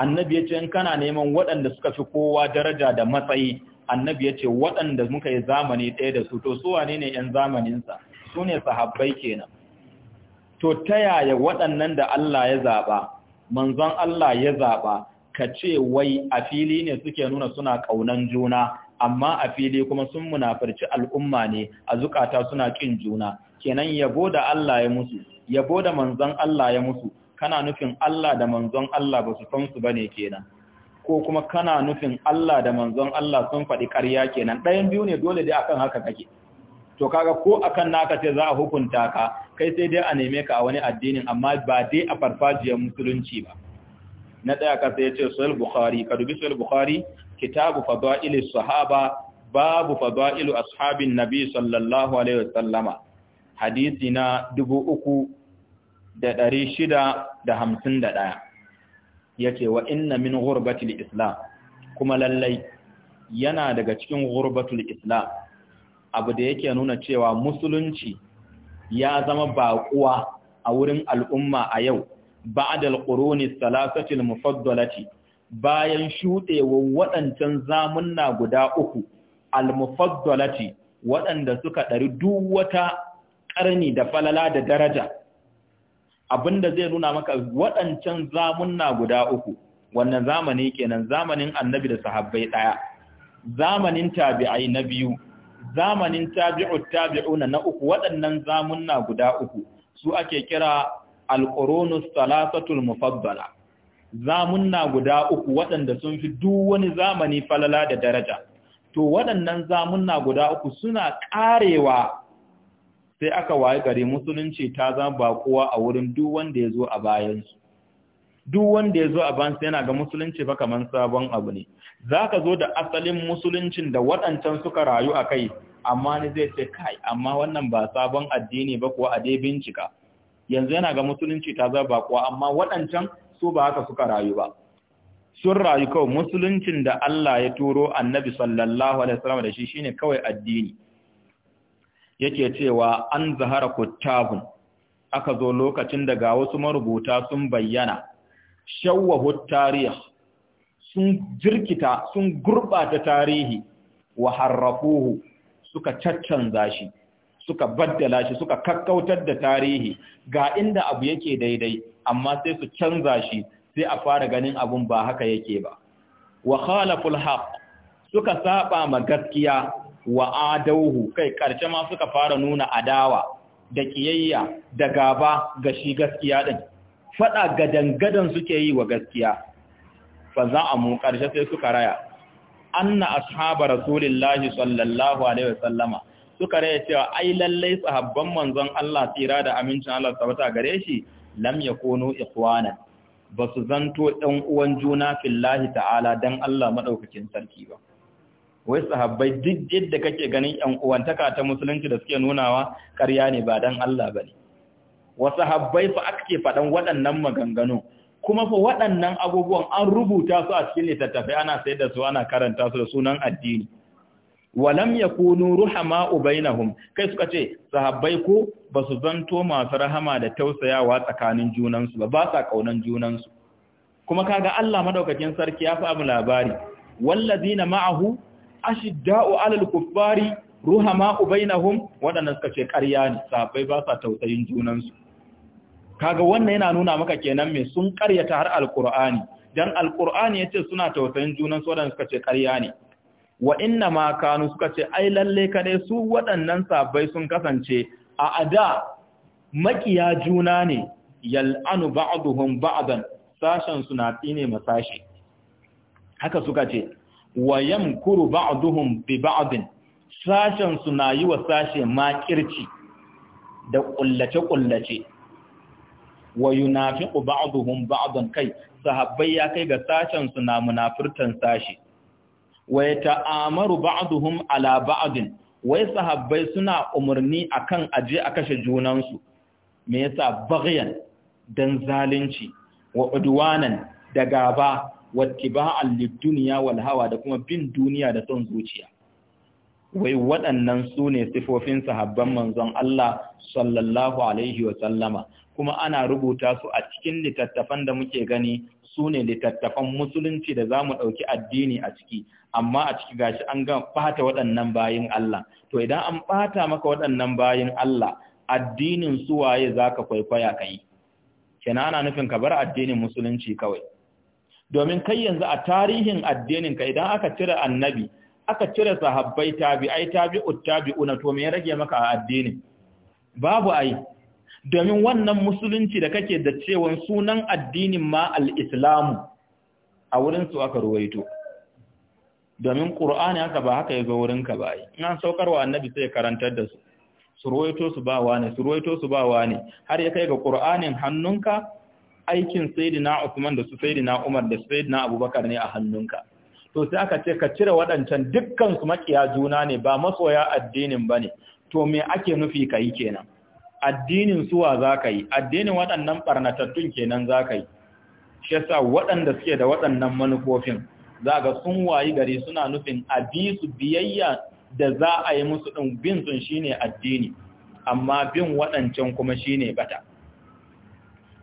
annabi yace in kana neman waɗanda suka fi kowa daraja da matsayi annabi ya ce waɗanda muka yi zamani ɗaya da su to su wane ne ‘yan zamaninsa su ne sahabbai kenan to ta yaya waɗannan da Allah ya zaɓa manzon Allah ya zaɓa ka ce wai a fili ne suke nuna suna ƙaunan juna amma a fili kuma sun munafurci al'umma ne a zukata suna ƙin juna kenan yabo da Allah ya musu yabo da manzon Allah ya musu kana nufin Allah da manzon Allah ba su su bane kenan ko kuma kana nufin Allah da manzon Allah sun faɗi ƙarya kenan ɗayan biyu ne dole dai akan haka kake to kaga ko akan naka ce za a hukunta ka kai sai dai a neme ka a wani addinin amma ba dai a farfajiyar musulunci ba na ɗaya ka sai ce sahih bukhari ka dubi sahih bukhari kitabu fadailu sahaba babu fadailu ashabin nabi sallallahu alaihi wasallama hadisi na 3651 Ya ce, wa inna min ghurbatil islam kuma lallai yana daga cikin ghurbatul islam abu da yake nuna cewa musulunci ya zama baƙuwa a wurin al'umma a yau ba'dal quruni salasatil mufaddalati bayan shuɗewa waɗancan zamunna guda uku al mufaddalati waɗanda suka ɗari duk wata ƙarni da falala da daraja da zai nuna maka waɗancan zamunna guda uku wannan zamani kenan zamanin annabi da sahabbai daya. zamanin tabi'ai na biyu zamanin tabi'ut tabi'una na uku waɗannan zamunna guda uku su ake kira alqurunus salasatul mufaddala zamunna guda uku waɗanda sun fi duk wani zamani falala da daraja to waɗannan zamunna guda uku suna karewa. sai aka waye gari musulunci ta zama bakuwa a wurin duk wanda ya zo a bayansu duk wanda ya zo a bayansu yana ga musulunci fa kamar sabon abu ne za ka zo da asalin musuluncin da waɗancan suka rayu a kai amma ni zai ce kai amma wannan ba sabon addini ba kuwa a dai bincika yanzu yana ga musulunci ta zama bakuwa, amma waɗancan su ba haka suka rayu ba sun rayu kawai musuluncin da Allah ya turo annabi sallallahu alaihi wasallam da shi shine kawai addini yake cewa an zahara kuttabun aka zo lokacin da ga wasu marubuta sun bayyana shawwahu tarih sun jirkita sun gurbata tarihi wa harrafuhu suka caccanza shi suka baddala shi suka kakkautar da tarihi ga inda abu yake daidai amma sai su canza shi sai a fara ganin abun ba haka yake ba wa khalaful haqq suka saba ma gaskiya wa adauhu kai ƙarshe ma suka fara nuna adawa da kiyayya da gaba ga shi gaskiya din fada gadangadan suke yi wa gaskiya fa za a mu ƙarshe sai suka raya anna ashaba rasulullahi sallallahu alaihi wasallama suka raya cewa ai lallai sahabban manzon Allah tsira da amincin Allah tabbata gare shi lam yakunu ikhwana ba su zanto ɗan uwan juna fillahi ta'ala dan Allah madaukakin sarki ba wai sahabbai duk yadda kake ganin yan uwantaka ta musulunci da suke nunawa ƙarya ne ba dan Allah bane Wa sahabbai fa ake faɗan waɗannan maganganu kuma fa waɗannan abubuwan an rubuta su a cikin littattafai ana sayar da su ana karanta su da sunan addini Wa lam yakunu ruhama bainahum kai suka ce sahabbai ko ba su zanto masu rahama da tausayawa tsakanin junansu ba ba sa kaunan junansu kuma kaga Allah madaukakin sarki ya fi abu labari wallazina ma'ahu ashidda'u alal kuffari ruhama'u bainahum waɗannan suka ce ƙarya ne sahabbai ba sa tausayin junansu kaga wannan yana nuna maka kenan me sun ƙaryata har alqur'ani dan alqur'ani yace suna tausayin junansu waɗannan suka ce ƙarya ne wa inna ma kanu suka ce ai lalle kadai su waɗannan sabai sun kasance a ada makiya juna ne yal'anu ba'duhum ba'dan sashen suna tsine masashi haka suka ce wa yamkuru ba'duhum bi baadin sashen su na yi wa sashe makirci da kullace kullace wa yunafiqu ba'duhum ba'dan kai sahabbai ya kai ga sashen su munafirtan sashe. sashi wa ta'amaru ba'duhum ala baadin wai sahabbai suna umarni akan aje a kashe junansu me yasa baghyan dan zalunci wa udwanan da gaba wattiba'an lid wal hawa da kuma bin duniya da son zuciya wai waɗannan su ne sifofin sahabban manzon Allah sallallahu alaihi wa sallama kuma ana rubuta su a cikin littattafan da muke gani su ne littattafan musulunci da za mu ɗauki addini a ciki amma a ciki gashi an ga ɓata waɗannan bayin Allah to idan an ɓata maka waɗannan bayin Allah addinin su waye zaka kwaikwaya ka kenan ana nufin ka bar addinin musulunci kawai domin kai yanzu a tarihin addinin ka idan aka cire annabi aka cire sahabbai tabi'ai tabi'ut tabi'una to me ya rage maka a addinin. babu ai domin wannan musulunci da kake da cewan sunan addinin ma al-islamu a wurin su aka ruwaito domin qur'ani haka ba haka yazo wurin ka ba ai saukar saukarwa annabi sai karantar da su su ruwaito su ba wani su ruwaito su ba wani har ya kai ga qur'anin hannunka aikin sayyidina Uthman da su sayyidina Umar da sayyidina Abubakar ne a hannunka to sai aka ce ka cire waɗancan dukkan su makiya juna ne ba masoya addinin bane to me ake nufi kai kenan addinin suwa zaka yi addinin waɗannan barnatattun kenan zakai yi shi yasa waɗanda suke da waɗannan manufofin za ga sun wayi gari suna nufin a bi biyayya da za a yi musu din bin sun shine addini amma bin waɗancan kuma shine bata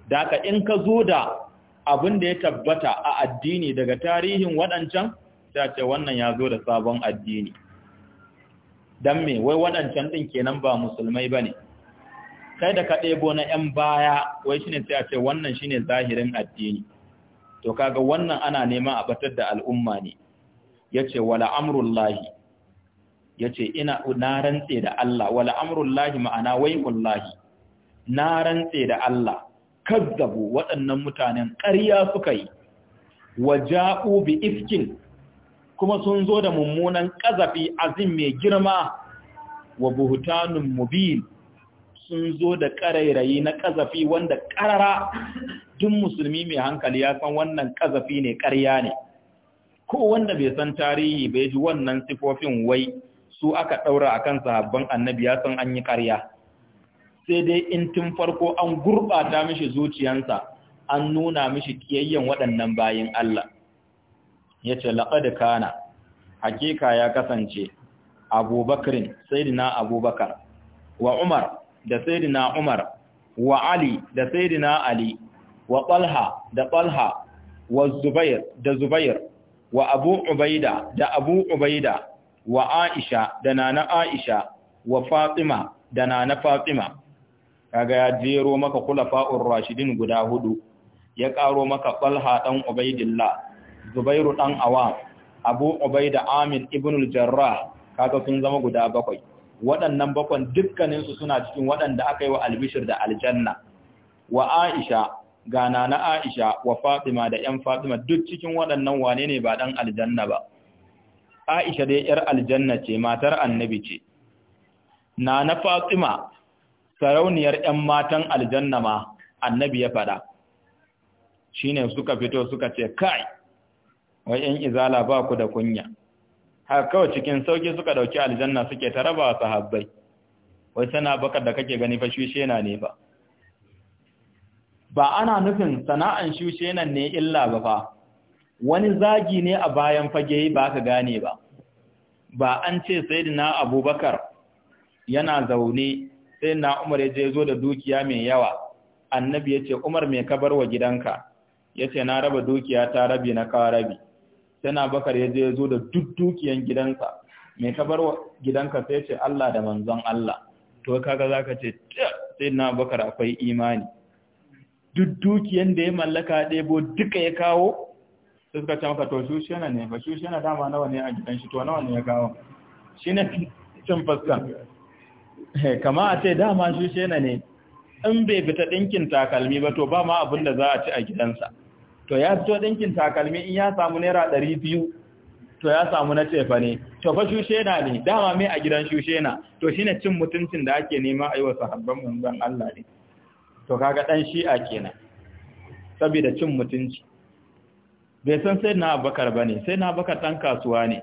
da ka in ka zo da abin da ya tabbata a addini daga tarihin waɗancan ta ce wannan ya zo da sabon addini don me wai waɗancan ɗin kenan ba musulmai ba ne kai da ka ɗebo na ‘yan baya wai shi ne sai ce wannan shi ne zahirin addini to kaga wannan ana nema a batar da al'umma ne ya ce wala lahi ya ce ina na rantse da Allah wala lahi ma'ana waihullahi na rantse da Allah kazzabu waɗannan mutanen ƙarya suka yi wa ja'u bi ifkin kuma sun zo da mummunan ƙazafi azim mai girma wa buhutanun mubin sun zo da ƙarairayi na ƙazafi wanda ƙarara duk musulmi mai hankali ya san wannan ƙazafi ne ƙarya ne ko wanda bai san tarihi bai ji wannan sifofin wai su aka ɗaura akan sahabban annabi ya san an yi ƙarya sai dai in tun farko an gurɓata mishi zuciyansa an nuna mishi kiyayyen waɗannan bayin Allah ya ce laƙad kana hakika ya kasance abubakarin dina abubakar wa umar da dina umar wa ali da dina ali wa ɓalha da ɓalha wa zubair da zubair wa abu ubaida da abu ubaida wa aisha da nana aisha wa fatima da nana fatima kaga ya jero maka khulafa'ur rashidin guda hudu ya karo maka ɓalha dan Ubaidillah Zubairu dan Awam Abu Ubaida Amin ibn al-Jarrah kaga sun zama guda bakwai waɗannan bakwan dukkanin su suna cikin waɗanda aka yi wa albishir da aljanna wa Aisha gana na Aisha wa Fatima da yan Fatima duk cikin waɗannan wane ne ba dan aljanna ba Aisha dai yar aljanna ce matar annabi ce na na Fatima sarauniyar ‘yan matan aljanna ma annabi ya faɗa shi ne suka fito suka ce kai wai ‘yan izala ba ku da kunya haka kawai cikin sauki suka ɗauki aljanna suke ta raba wa sahabbai wai sana bakar da kake gani fa shushe na ne ba ba ana nufin sana'an shushe nan ne illa ba fa wani zagi ne a bayan fage ba ka gane ba ba an ce sai abubakar yana zaune sai na Umar ya zo da dukiya mai yawa annabi ya ce Umar me ka bar wa gidanka ya ce na raba dukiya ta rabi na kawo rabi sai na Bakar ya je zo da duk dukiyan gidansa me ka bar wa gidanka sai ce Allah da manzon Allah to kaga zaka ce sai na Bakar akwai imani duk dukiyan da ya mallaka ɗebo duka ya kawo sai suka ce maka to shi yana ne ba shi yana dama nawa ne a gidan shi to nawa ne ya kawo shi ne cin fuska Eh, kama a ce dama shi shena ne in bai fita ɗinkin takalmi ba to ba ma abin da za a ci a gidansa to ya fito ɗinkin takalmi in ya samu naira ɗari biyu to ya samu na cefa ne to fa shushena ne dama mai a gidan shushena to shine cin mutuncin da ake nema a yi wa sahabban mungan Allah ne to kaga ɗan shi a kenan saboda cin mutunci bai san sai na ba bane sai na Abubakar ɗan kasuwa ne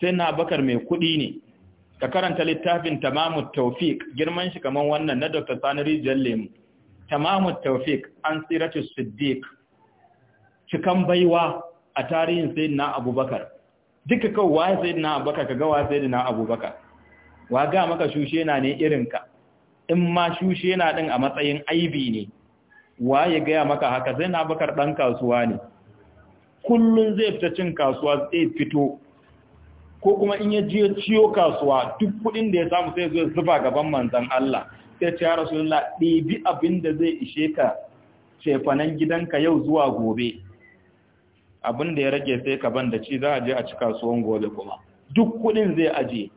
sai na bakar mai kuɗi ne ka karanta littafin tamamut tawfiq girman shi kaman wannan na Dr. Sani Rijal Lemu tamamut tawfiq an siratu siddiq cikan baiwa a tarihin sayyidina Abubakar duka kawai waye sayyidina Abubakar kaga waye sayyidina Abubakar wa ga maka shushe na ne irinka in ma shushe na din a matsayin aibi ne Wa waye gaya maka haka sai na bakar dan kasuwa ne kullun zai fita cin kasuwa zai fito ko kuma in ya je ciyo kasuwa duk kuɗin da ya samu sai zai zuba gaban manzan Allah sai ce ya rasulullah ɗebi abin da zai ishe ka cefanen gidanka yau zuwa gobe abin da ya rage sai ka ban da ci za a je a ci kasuwan gobe kuma duk kuɗin zai aje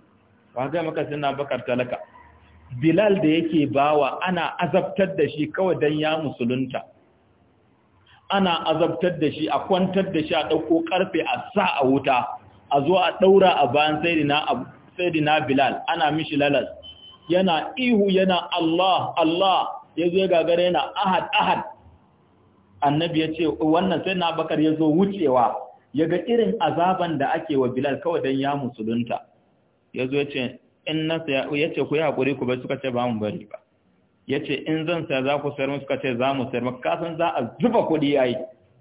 ba ga maka suna bakar talaka bilal da yake bawa ana azabtar da shi kawai don ya musulunta ana azabtar da shi a kwantar da shi a ɗauko karfe a sa a wuta a zo a ɗaura a bayan saidina bilal ana mishi lalas yana ihu yana Allah Allah ya zo ya gagara yana ahad ahad annabi ya ce wannan sai na bakar ya zo wucewa ya ga irin azaban da ake wa bilal kawai don ya musulunta ya zo ya ce in na ya ce ku yi haƙuri ku bai suka ce ba mu bari ba ya ce in zan saya za ku sayar mu suka ce za mu sayar maka kasan za a zuba kuɗi ya yi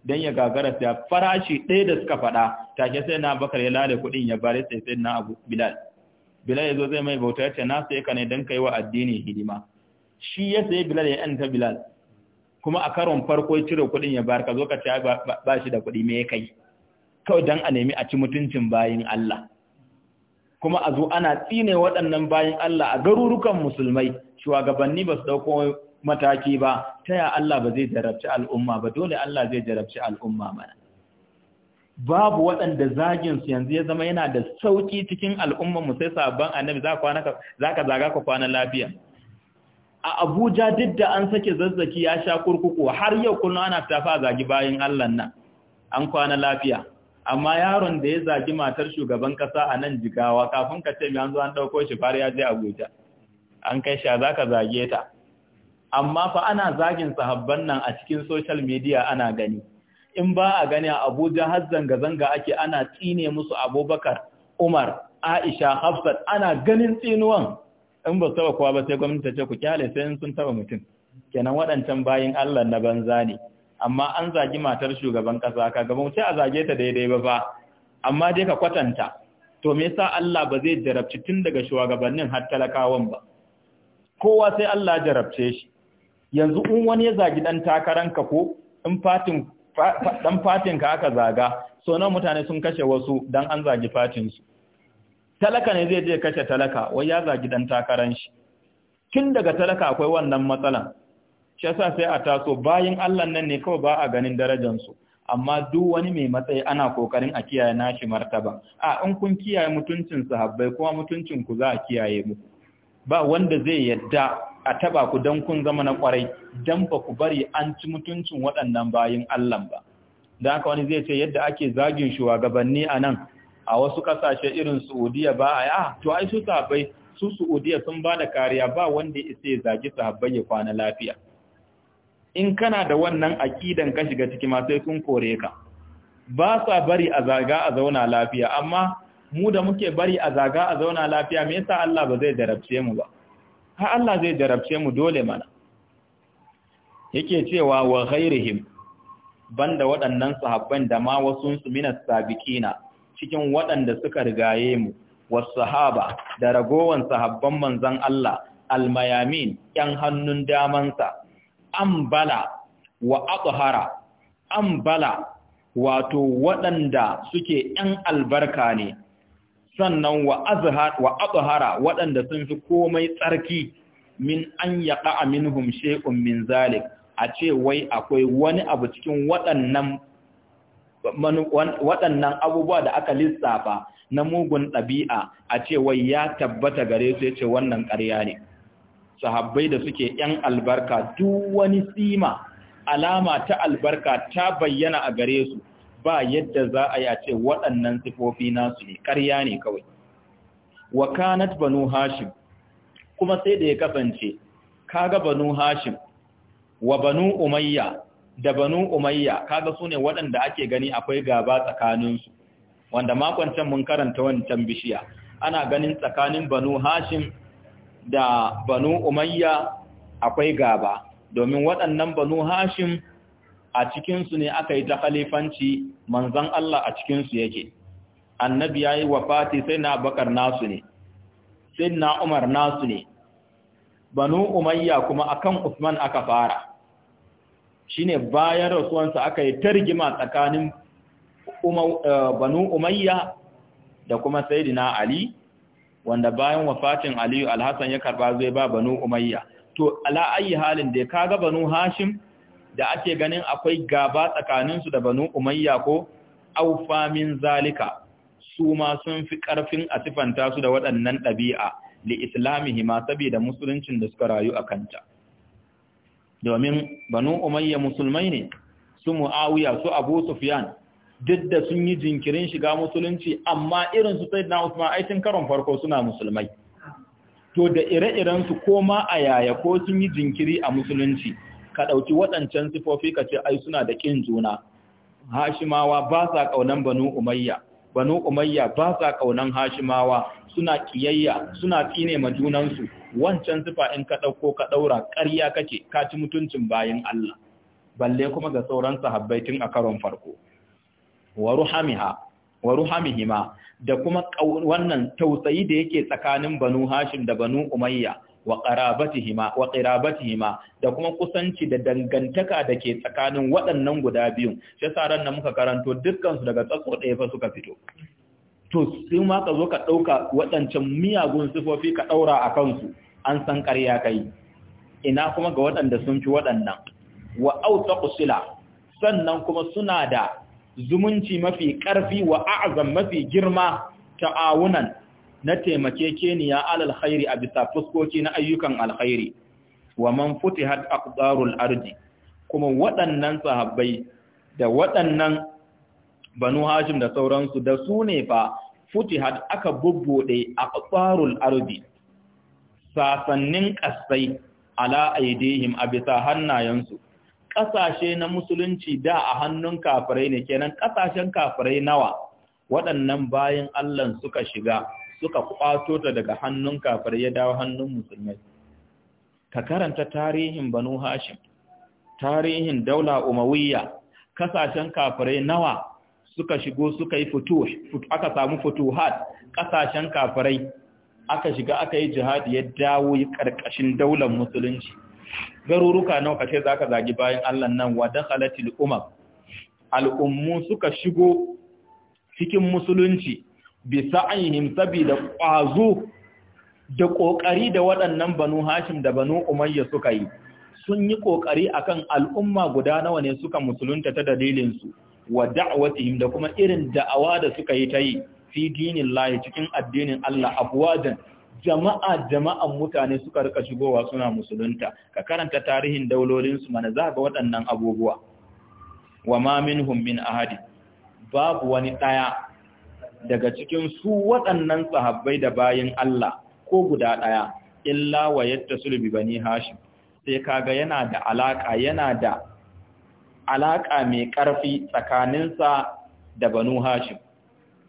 don ya gagara siya farashi ɗaya da suka faɗa take sai na bakar ya lade kuɗin ya bare sai sai na abu bilal bilal ya zo zai mai bauta yace na sai ka ne don kai wa addini hidima shi ya sayi bilal ya yanta bilal kuma a karon farko ya cire kuɗin ya bayar ka zo ka ce ba shi da kuɗi me ya kai kawai dan a nemi a ci mutuncin bayin Allah kuma a zo ana tsine waɗannan bayin Allah a garurukan musulmai shugabanni ba su ɗauko mataki ba ta ya Allah ba zai jarabci al'umma ba dole Allah zai jarabci al'umma mana babu waɗanda zaginsu yanzu ya zama yana da sauƙi cikin al'ummanmu sai sabon annabi za ka zaga ka kwana lafiya a abuja duk da an sake zazzaki ya sha kurkuku har yau kuna ana tafa zagi bayan allah nan an kwana lafiya amma yaron da ya zagi matar shugaban kasa a nan jigawa kafin ka ce mai an zo an ɗauko shi fara ya je abuja an kai sha za ka zage ta amma fa ana zagin sahabban nan a cikin social media ana gani in ba a gani a Abuja har zanga zanga ake ana tsine musu Abubakar Umar Aisha Hafsat ana ganin tsinuwan in ba saba kowa ba sai gwamnati ta ce ku kyale sai sun taba mutum kenan waɗancan bayin Allah na banza ne amma an zagi matar shugaban kasa ka ba mu a zage ta daidai ba ba amma dai ka kwatanta to me yasa Allah ba zai jarabci tun daga shugabannin har talakawan ba kowa sai Allah jarabce shi yanzu in wani ya zagi dan takaranka ko ɗan fatin ka aka zaga so nan mutane sun kashe wasu dan an zagi fatin su talaka ne zai je kashe talaka wai ya zagi dan takaran shi tun daga talaka akwai wannan matsalan shi yasa sai a taso bayan Allah nan ne kawai ba a ganin darajar su amma duk wani mai matsayi ana kokarin a kiyaye nashi martaba a in kun kiyaye mutuncin sahabbai kuma mutuncin ku za a kiyaye muku ba wanda zai yadda a taba ku don kun zama na kwarai don ba ku bari an ci mutuncin waɗannan bayin Allah ba da haka wani zai ce yadda ake zagin shugabanni a nan a wasu ƙasashe irin Saudiya ba a Ah, to ai su sahabbai su Saudiya sun ba da kariya ba wanda ya isa ya zagi sahabbai ya kwana lafiya in kana da wannan aƙidan ka shiga ciki ma sai kun kore ka ba sa bari a zaga a zauna lafiya amma mu da muke bari a zaga a zauna lafiya me yasa Allah ba zai jarabce mu ba ha Allah zai jarabce mu dole mana yake cewa wa ghairihim banda waɗannan sahabban da ma wasu su minas sabikina cikin waɗanda suka rigaye mu sahaba da ragowan sahabban manzon Allah almayamin yan hannun damansa ambala wa aqhara ambala wato waɗanda suke ‘yan albarka ne, sannan wa azhara waɗanda sun fi komai tsarki min an yaqa minhum shay'un min zalik a ce wai akwai wani abu cikin waɗannan abubuwa da aka lissafa na mugun ɗabi'a a ce wai ya tabbata gare su yace wannan ƙarya ne sahabbai da suke ‘yan albarka duk wani sima alama ta albarka ta bayyana a gare su ba yadda za a yi a ce waɗannan sifofi nasu ne ƙarya ne kawai wa kanat banu hashim kuma sai da ya kasance kaga banu hashim wa banu umayya da banu umayya kaga su ne waɗanda ake gani akwai gaba tsakaninsu wanda makoncin mun karanta wancan bishiya ana ganin tsakanin banu hashim da banu umayya akwai gaba domin waɗannan banu hashim a cikinsu ne aka yi ta khalifanci manzan Allah a cikinsu yake annabi ya yi wafati sai na bakar nasu ne sai na umar nasu ne banu umayya kuma akan usman aka fara shine bayan rasuwansa aka yi targima tsakanin eh, banu umayya da kuma saidina ali wanda bayan wafatin aliyu alhassan ya karba zai ba banu umayya to ala ayi halin da kaga banu hashim da ake ganin akwai gaba tsakaninsu da banu umayya ko aufamin zalika su ma sun fi ƙarfin a sifanta su da waɗannan ɗabi'a li islamihi ma saboda musuluncin da suka rayu a kanta domin banu umayya musulmai ne su mu'awiya su abu sufyan duk da sun yi jinkirin shiga musulunci amma irin su sai na usman aitin karon farko suna musulmai to da ire-iren su koma a yaya ko sun yi jinkiri a musulunci ka ɗauki waɗancan sifofi ka ce ai suna da ƙin juna hashimawa ba sa ƙaunan banu umayya banu umayya ba sa ƙaunan hashimawa suna ƙiyayya suna tsine ma junansu wancan sifa in ka ɗauko ka ɗaura ƙarya kake ka ci mutuncin bayan Allah balle kuma ga sauran sahabbai tun a karon farko wa ruhamiha wa ruhamihima da kuma wannan tausayi da yake tsakanin banu hashim da banu umayya wa qarabatihima wa da kuma kusanci da dangantaka da ke tsakanin waɗannan guda biyun shi yasa nan muka karanto dukkan su daga tsatso ɗaya fa suka fito to sai ma ka zo ka ɗauka waɗancan miyagun sifofi ka ɗaura a kansu an san ƙarya kai ina kuma ga waɗanda sun fi waɗannan wa auta usila sannan kuma suna da zumunci mafi ƙarfi wa a'azam mafi girma ta'awunan na taimake ya alal khairi a bisa fuskoki na ayyukan alkhairi wa man futihat aqdarul ardi kuma waɗannan sahabbai da waɗannan banu hashim da sauransu da su ne fa futihat aka bubbude aqdarul ardi sasannin kasai ala aidihim a bisa hannayensu ƙasashe na musulunci da a hannun kafirai ne kenan ƙasashen kafirai nawa waɗannan bayan Allah suka shiga suka kwato ta daga hannun kafir ya dawo hannun musulmai ka karanta tarihin banu hashim tarihin daula umawiyya kasashen kafirai nawa suka shigo suka yi fito aka samu futuhat kasashen kafirai aka shiga aka yi jihadi ya dawo yi karkashin daular musulunci garuruka nawa kace zaka zagi bayan Allah nan wa dakhalatil umam al'ummu suka shigo cikin musulunci bi sa'ihim saboda ƙwazo da ƙoƙari da waɗannan banu hashim da banu umayya suka yi sun yi ƙoƙari akan al'umma guda nawa ne suka musulunta ta dalilinsu wa da'awatihim da kuma irin da'awa da suka yi ta yi fi dinin lahi cikin addinin Allah afwajan jama'a jama'an mutane suka rika shigowa suna musulunta ka karanta tarihin daulolinsu mana za ga waɗannan abubuwa wa ma min ahadi babu wani ɗaya daga cikin su waɗannan sahabbai da bayan Allah ko guda ɗaya illa wa yattasul sulbi bani hashim sai kaga yana da alaka yana da alaƙa mai ƙarfi tsakaninsa da banu hashim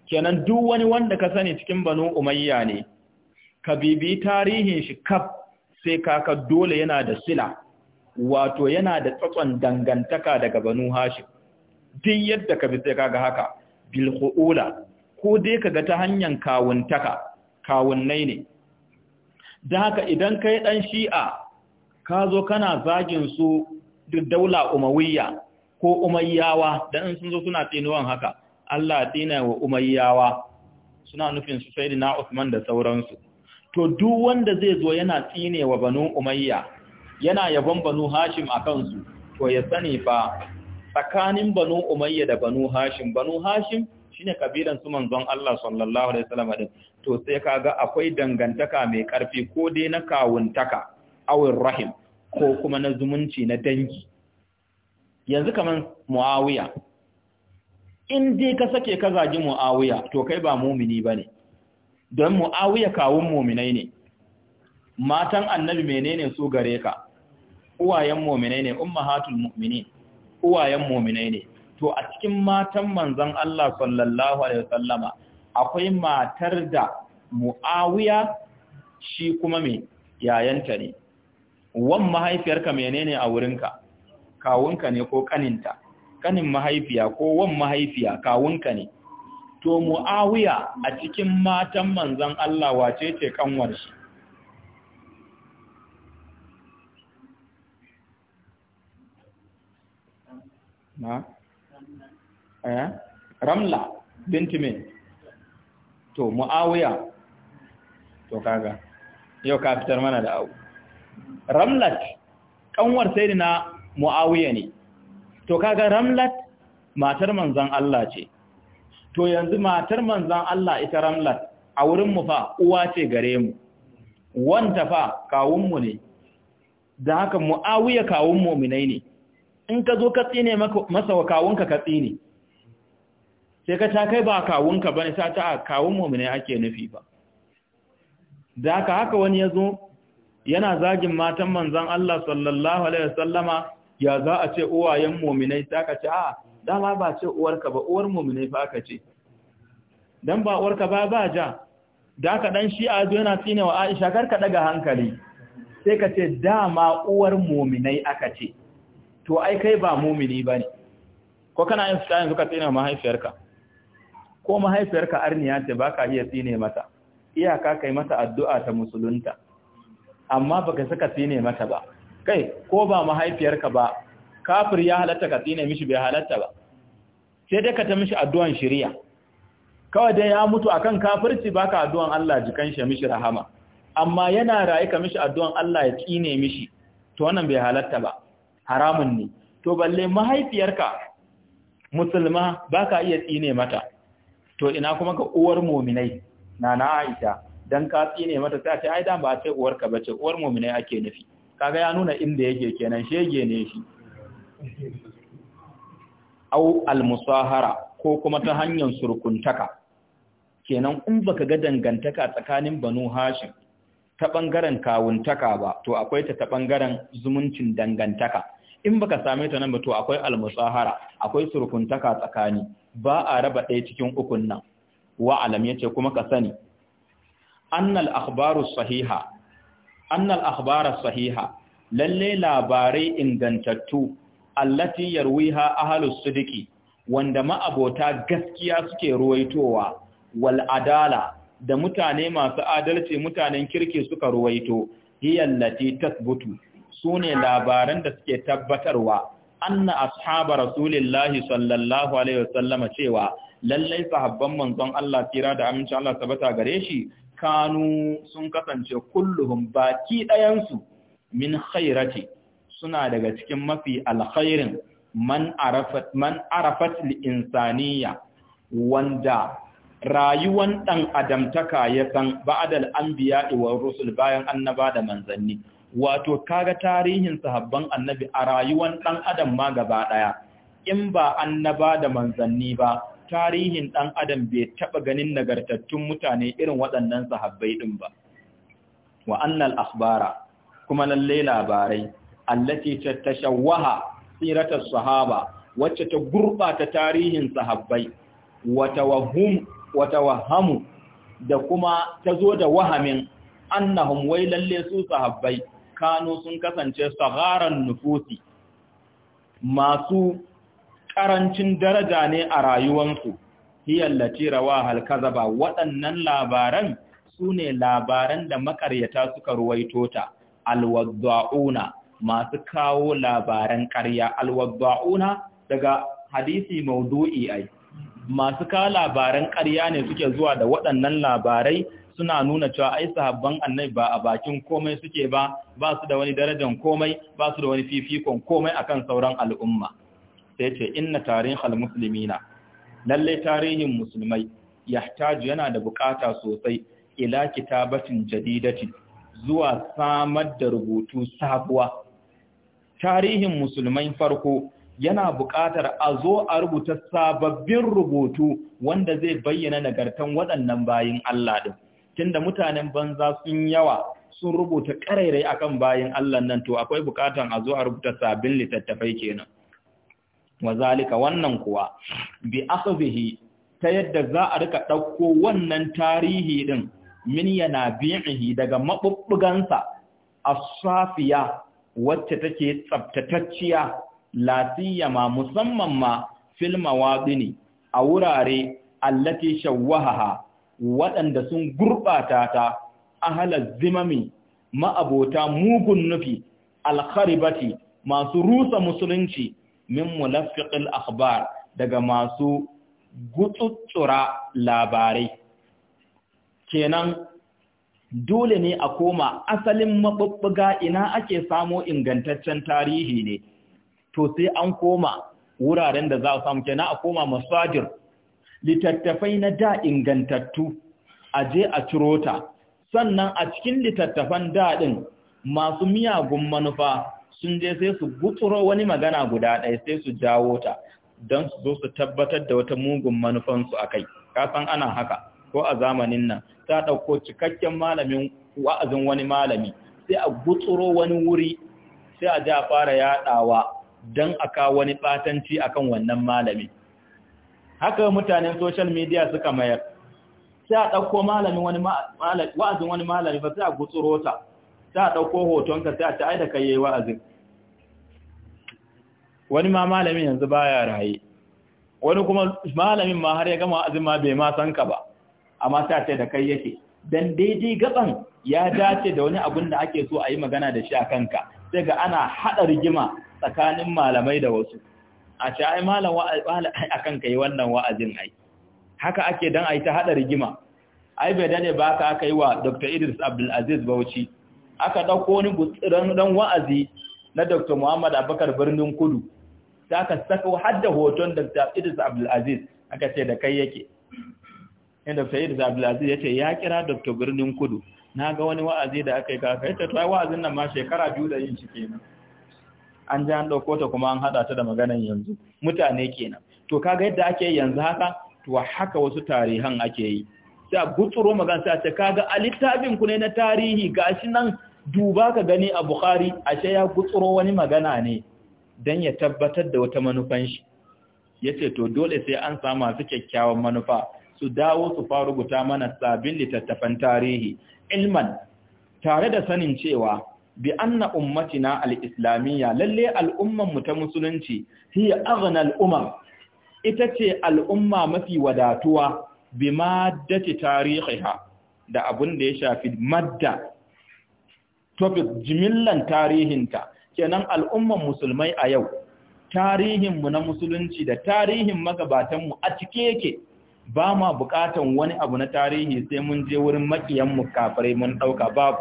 kenan duk wani wanda ka sani cikin banu umayya ne ka bibi tarihin shi kaf sai kaka dole yana da sila wato yana da tsatson dangantaka daga banu hashim Din yadda ka bi sai kaga haka bil ko dai ga ta hanyar kawuntaka kawunnai ne da haka idan kai dan shi'a ka zo kana zagin su daula umawiyya ko umayyawa dan sun zo suna tsinuwan haka Allah ya tsina wa umayyawa suna nufin su sai na Uthman da sauransu to duk wanda zai zo yana tsine wa banu umayya yana yabon banu hashim a kansu to ya sani fa tsakanin banu umayya da banu hashim banu hashim shine kabilan su manzon Allah sallallahu alaihi wasallam din to sai kaga akwai dangantaka mai karfi ko dai na kawuntaka awin rahim ko kuma na zumunci na dangi yanzu kaman muawiya in dai ka sake ka zagi muawiya to kai ba mumini bane don muawiya kawun muminai ne matan annabi menene su gare ka uwayen muminai ne ummahatul mu'minin uwayen muminai ne to a cikin matan manzon Allah sallallahu alaihi wasallama akwai matar da Muawiya shi kuma me yayanta ne wan mahaifiyarka menene a wurinka kawunka ne ko kaninta kanin mahaifiya ko wan mahaifiya kawunka ne to mu'awiya a cikin matan manzon Allah wace ce kanwar shi na Eh? ramla binti mai to mu'awiya to kaga yau ka fitar mana da abu ramlat kanwar sai na mu'awiya ne to kaga ramlat matar manzan Allah ce to yanzu matar manzan Allah ita ramlat a wurin fa uwa ce gare mu wanta fa kawunmu ne da haka mu'awiya kawun mu'minai ne in ka zo ka tsine masa kawunka ka tsine sai ka ta kai ba kawunka ba ne sa ta kawun mummune ake nufi ba da haka haka wani ya zo yana zagin matan manzan Allah sallallahu Alaihi wasallama ya za a ce uwayen muminai ta ka ce a dama ba ce uwarka ba uwar muminai fa ka ce don ba uwarka ba ba ja da haka ɗan shi a zo yana sine wa aisha kar ka ɗaga hankali sai ka ce dama uwar muminai aka ce to ai kai ba mumini ba ne ko kana yin ta yanzu ka tsina mahaifiyarka ko mahaifiyarka arniya ce ka iya tsine mata iyaka kai mata addu'a ta musulunta amma baka saka tsine mata ba kai ko ba mahaifiyarka ba kafir ya halatta ka tsine mishi bai halatta ba sai dai ka ta mishi addu'an shari'a kawai dai ya mutu akan kafirci ka addu'an Allah jikan shi mishi rahama amma yana raye ka mishi addu'an Allah ya tsine mishi to wannan bai halatta ba haramun ne to balle mahaifiyarka musulma baka iya tsine mata to ina kuma ga uwar muminai na na Aisha dan ka tsine mata ta a ce ai dan ba a ce uwar ka bace uwar muminai ake nufi kaga ya nuna inda yake kenan shege ne shi au almusahara ko kuma ta hanyar surkuntaka kenan in baka ga dangantaka tsakanin banu hashim ta bangaren kawuntaka ba to akwai ta ta bangaren zumuncin dangantaka in baka same ta nan ba to akwai almusahara akwai surkuntaka tsakani ba a raba ɗaya cikin ukun nan wa alam yace kuma ka sani annal akhbaru sahiha annal akhbara sahiha lalle labarai ingantattu allati yarwiha ahlus sidiki wanda ma'abota gaskiya suke ruwaitowa wal adala da mutane masu adalci mutanen kirki suka ruwaito hiyallati tasbutu sune labaran da suke tabbatarwa anna ashaba rasulillahi sallallahu alaihi wasallama cewa lallai sahabban manzon Allah tira da amincin Allah sabata gare shi kanu sun kasance kulluhum baki ɗayansu min khairati suna daga cikin mafi alkhairin man arafat man arafat insaniya wanda rayuwan dan adamtaka ya san ba'dal anbiya'i wa rusul bayan annaba da manzanni wato kaga tarihin sahabban annabi a rayuwan ɗan adam ma gaba ɗaya in ba annaba da manzanni ba tarihin ɗan adam bai taɓa ganin nagartattun mutane irin waɗannan sahabbai ɗin ba wa annal akhbara kuma lalle labarai allati tatashawwaha siratas sahaba wacce ta gurɓata tarihin sahabbai wata wahamu wa da kuma ta zo da wahamin annahum wai lalle su sahabbai kano sun kasance sagaran nufusi masu ƙarancin daraja ne a rayuwansu hiyallaci rawa halkaza ba waɗannan labaran su ne labaran da makaryata suka ruwaito ta alwadda'una masu kawo labaran ƙarya alwadda'una daga hadisi maudu'i ai masu kawo labaran ƙarya ne suke zuwa da waɗannan labarai suna nuna cewa ai sahabban annai ba a bakin komai suke ba ba su da wani darajan komai ba su da wani fifikon komai akan sauran al'umma sai ce inna tarihal muslimina Lallai tarihin musulmai yahtaju yana da bukata sosai ila kitabatin jaridati zuwa samar da rubutu sabuwa tarihin musulmai farko yana buƙatar a zo a rubuta sababbin rubutu wanda zai bayyana nagartan waɗannan bayin Allah ɗin. tunda mutanen banza sun yawa sun rubuta karairai akan bayin Allah nan to akwai bukatan a zo a rubuta sabin littattafai kenan wazalika wannan kuwa bi akhzihi ta yadda za a rika ɗauko wannan tarihi din min yana bi'ihi daga mabubbugan sa safiya wacce take tsaftatacciya ma musamman ma fil mawadini a wurare allati shawwaha waɗanda sun gurɓata ta ahalar zimami ma'abota mugun nufi alkharibati masu rusa musulunci min mulafiqil akhbar daga masu gutsutsura labarai kenan dole ne a koma asalin maɓuɓɓuga ina ake samo ingantaccen tarihi ne to sai an koma wuraren da za a samu kenan a koma masajir littattafai na da ingantattu a je a ciro ta sannan a cikin littattafan daɗin masu miyagun manufa sun je sai su gutsuro wani magana guda ɗaya sai su jawo ta don su zo su tabbatar da wata mugun manufansu a kai kasan ana haka ko a zamanin nan ta ɗauko cikakken malamin wa'azin wani malami sai a gutsuro wani wuri sai a ja fara yaɗawa don a kawo wani ɓatanci akan wannan malamin haka mutanen social media suka mayar sai a ɗauko wani wa'azin wani malami ba sai a gutsuro ta sai a ɗauko hotonka sai a ta aida kai yi wa'azin wani ma malamin yanzu baya raye wani kuma malamin ma har ya gama wa'azin ma bai ma san ka ba amma sai a ta da kai yake dan daidai gaban ya dace da wani abin da ake so a yi magana da shi a kanka sai ga ana haɗa rigima tsakanin malamai da wasu a ce ai malam akan yi wannan wa'azin ai haka ake dan ai ta hada rigima ai bai dade ba ka aka yi wa Dr. Idris Abdul Aziz Bauchi aka dauko ni gutsiran dan wa'azi na Dr. Muhammad Abakar Birnin Kudu Ta aka saka hadda hoton Dr. Idris Abdul Aziz aka ce da kai yake inda Dr. Idris Abdul Aziz yace ya kira Dr. Birnin Kudu na ga wani wa'azi da aka yi ka kai ta wa'azin nan ma shekara biyu da yin shi kenan an ji an ɗauko ta kuma an haɗa ta da maganan yanzu mutane kenan to kaga yadda ake yanzu haka to haka wasu tarihan ake yi sai a gutsuro magan sai a ce kaga a littafin ku ne na tarihi gashi nan duba ka gani a Bukhari ashe ya gutsuro wani magana ne dan ya tabbatar da wata manufan shi yace to dole sai an samu masu kyakkyawan manufa su dawo su rubuta mana sabbin littattafan tarihi ilman tare da sanin cewa bi anna ummatina al-islamiyya lalle al'umman mu ta musulunci hiya aghna al-umam ita ce al'umma mafi wadatuwa bi maddati tarihiha da abun da ya shafi madda topic jimillan tarihinta kenan al'umman musulmai a yau Tarihinmu na musulunci da tarihin magabatan mu a cike yake ba ma bukatan wani abu na tarihi sai mun je wurin makiyan mu kafirai mun ɗauka babu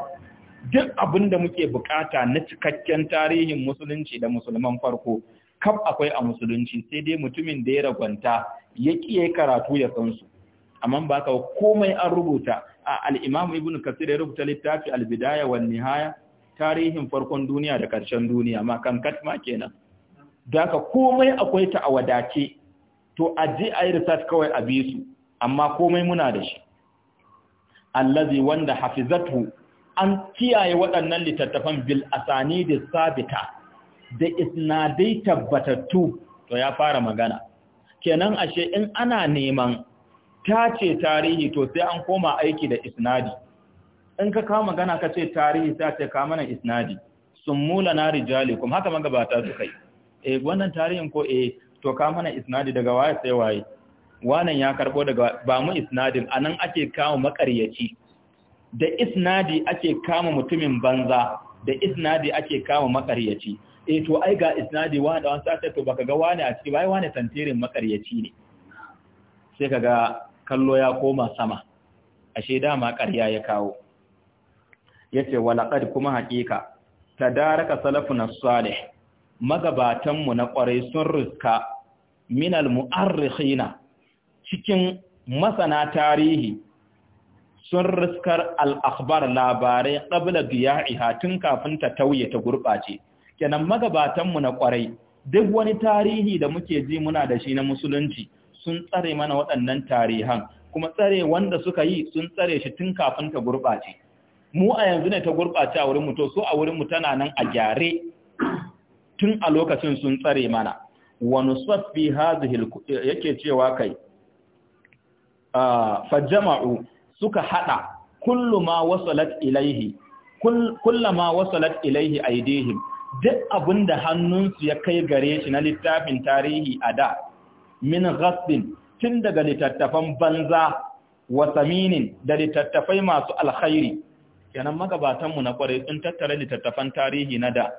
duk abin da muke bukata na cikakken tarihin musulunci da musulman farko kaf akwai a musulunci sai dai mutumin da ya ragwanta ya kiyaye karatu ya san su amma ba ka komai an rubuta a al-Imam Ibn Kathir ya rubuta littafi al-Bidaya wan Nihaya tarihin farkon duniya da ƙarshen duniya ma kan katma kenan da ka komai akwai ta a wadace to a je a yi research kawai a bisu, amma komai muna da shi allazi wanda hafizatu an kiyaye waɗannan littattafan bil asani da sabita da isnadai tabbatattu to ya fara magana kenan ashe in ana neman tace tarihi to sai an koma aiki da isnadi in ka kawo magana ka ce tarihi sai ce ka mana isnadi summula na kuma haka magabata su kai. eh wannan tarihin ko eh to ka isnadi daga waye sai waye wannan ya karbo daga ba mu isnadin anan ake kawo makaryaci da isnadi ake kama mutumin banza da isnadi ake kama makaryaci eh to ai ga isnadi wani da wani sai to baka ga wani a ciki bai wani tantirin makaryaci ne sai kaga kallo ya koma sama ashe dama ƙarya ya kawo yace walaqad kuma haƙiƙa tadaraka salafuna salih magabatan mu na ƙwarai sun rika minal mu'arrikhina cikin masana tarihi sun riskar al'akbar labarai ƙabla giyaiha tun kafin ta tauye ta gurɓace. Kenan magabatanmu na ƙwarai, duk wani tarihi da muke ji muna da shi na musulunci sun tsare mana waɗannan tarihan, kuma tsare wanda suka yi sun tsare shi tun kafin ta gurɓace. Mu a yanzu ne ta gurɓace a wurinmu to so a wurinmu tana nan a gyare tun a lokacin sun tsare mana. Wani saffi hazihil yake cewa kai, ah, fajama'u suka hada kullu ma wasalat ilaihi kullama wasalat ilaihi aidihim duk abinda hannunsu ya kai gare shi na littafin tarihi a da min ghasbin tun daga littattafan banza wa saminin da littattafai masu alkhairi kenan magabatanmu na kwarai sun tattara litattafan tarihi na da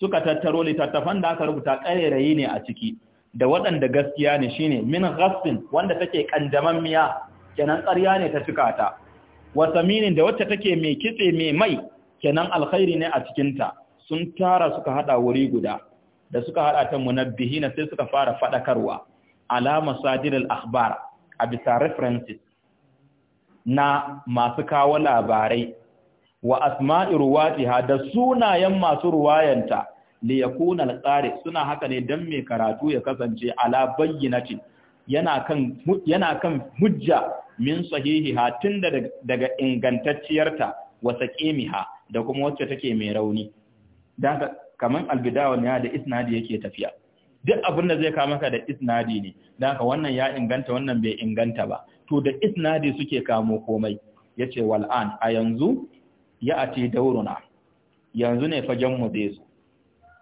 suka tattaro littattafan da aka rubuta ƙarairayi ne a ciki da waɗanda gaskiya ne shine min ghasbin wanda take miya. kenan ƙarya ne ta cika ta wa da wacce take mai kitse mai mai kenan alkhairi ne a cikin ta sun tara suka haɗa wuri guda da suka haɗa ta munabbihina sai suka fara fadakarwa ala masadir al-akhbar a bisa references na masu kawo labarai wa asma'i ruwatiha da sunayen masu ruwayanta li yakuna al-qari suna haka ne dan mai karatu ya kasance ala bayyinati yana kan yana kan hujja min sahihiha tunda daga ingantacciyarta wa saqimiha da kuma wacce take mai rauni dan kaman albidawan ya da isnadi yake tafiya duk abin da zai ka maka da isnadi ne dan wannan ya inganta wannan bai inganta ba to da isnadi suke kamo komai yace wal an a yanzu ya ati dauruna yanzu ne fagen mu zai zo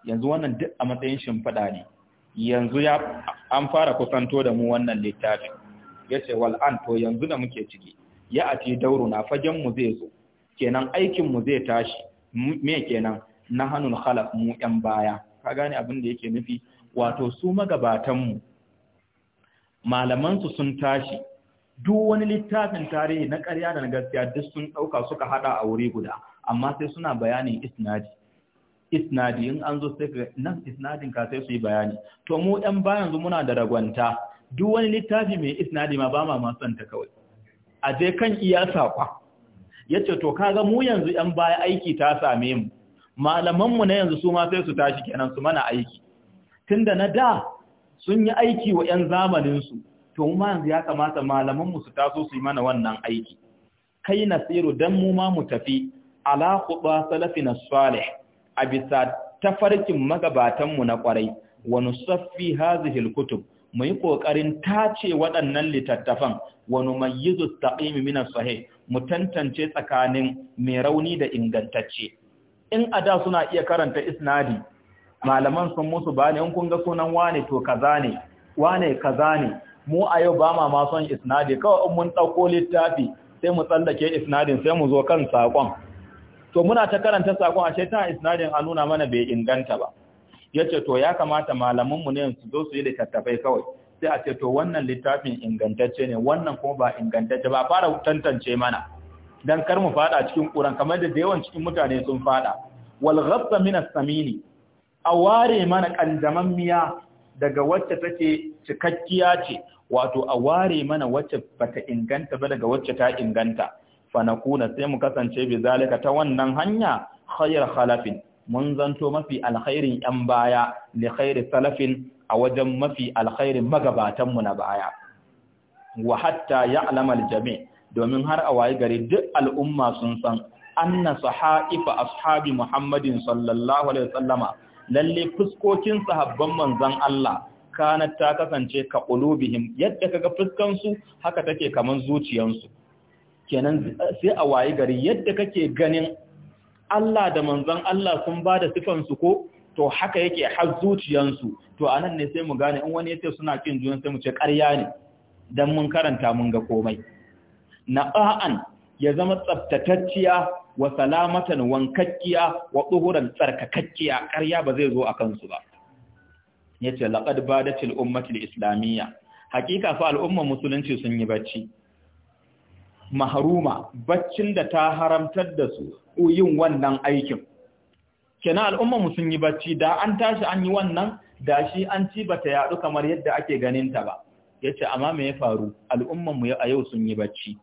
yanzu wannan duk a matsayin shimfiɗa ne yanzu ya an fara kusanto da mu wannan littafin Ya ce, wal'an to yanzu da muke ciki ya dauro na fagen mu zai zo kenan aikin mu zai tashi me kenan Na hannun khalaf mu yan baya ka gane abin da yake nufi wato su magabatan mu malaman su sun tashi duk wani littafin tarihi na ƙarya da na gaskiya duk sun ɗauka suka haɗa a wuri guda amma sai suna bayanin isnadi isnadi in an zo sai nan isnadin ka sai su yi bayani to mu 'yan bayan zu muna da ragwanta duk wani littafi mai isnadi ma ba ma ma son kawai a je kan iya sakwa yace to kaga mu yanzu yan baya aiki ta same mu malaman mu na yanzu su ma sai su tashi kenan su mana aiki tunda na da sun yi aiki wa yan zamaninsu, su to mu ma yanzu ya kamata malaman mu su taso su yi mana wannan aiki kai nasiru dan mu ma mu tafi ala quba salafina salih a bisa tafarkin magabatan mu na kwarai wa nusaffi hadhihi alkutub mu yi ƙoƙarin tace waɗannan littattafan wani mai taqimi min as-sahih mu tantance tsakanin mai rauni da ingantacce in ada suna iya karanta isnadi malaman sun musu ne in kun ga sunan wane to kaza ne wane kaza ne mu a yau ba ma son isnadi kawai in mun ɗauko littafi sai mu tsallake isnadin sai mu zo kan saƙon to muna ta karanta saƙon ashe ta isnadin a nuna mana bai inganta ba ya ce to ya kamata malamanmu ne su zo su yi littattafai kawai sai a ce to wannan littafin ingantacce ne wannan kuma ba ingantacce ba fara tantance mana dan kar mu fada cikin kuran kamar da yawan cikin mutane sun fada wal ghabba min as-samini a ware mana kandaman miya daga wacce take cikakkiya ce wato a ware mana wacce bata inganta ba daga wacce ta inganta fa nakuna sai mu kasance bi zalika ta wannan hanya khayr khalafin mun zanto mafi alkhairin ‘yan baya li khairi salafin a wajen mafi alkhairin magabatanmu na baya. Wa hatta ya alamar jami domin har a waye gari duk al'umma sun san, anna saha'ifa ashabi Muhammadin sallallahu Alaihi wasallama lalle fuskokin sahabban manzan Allah Kana ta kasance ka ƙulubihim yadda kaga fuskansu haka take kaman zuciyansu. Kenan sai a waye gari yadda kake ganin Allah da Manzon. Allah sun ba da sifansu ko to haka yake har zuciyansu to anan ne sai mu gane in wani yace suna kin juna sai mu ce ƙarya ne dan mun karanta mun ga komai na'an ya zama tsaftatacciya wa salamatan wankakkiya wa tsuhuran tsarkakkiya ƙarya ba zai zo a kansu ba yace laqad badatil ummatil islamiyya hakika fa al'umma musulunci sun yi bacci mahruma baccin da ta haramtar da su yin wannan aikin kenan al'umma sun yi bacci da an tashi an yi wannan da shi an ci bata yadu kamar yadda ake ganin ta ba yace amma me ya faru al'umman mu a yau sun yi bacci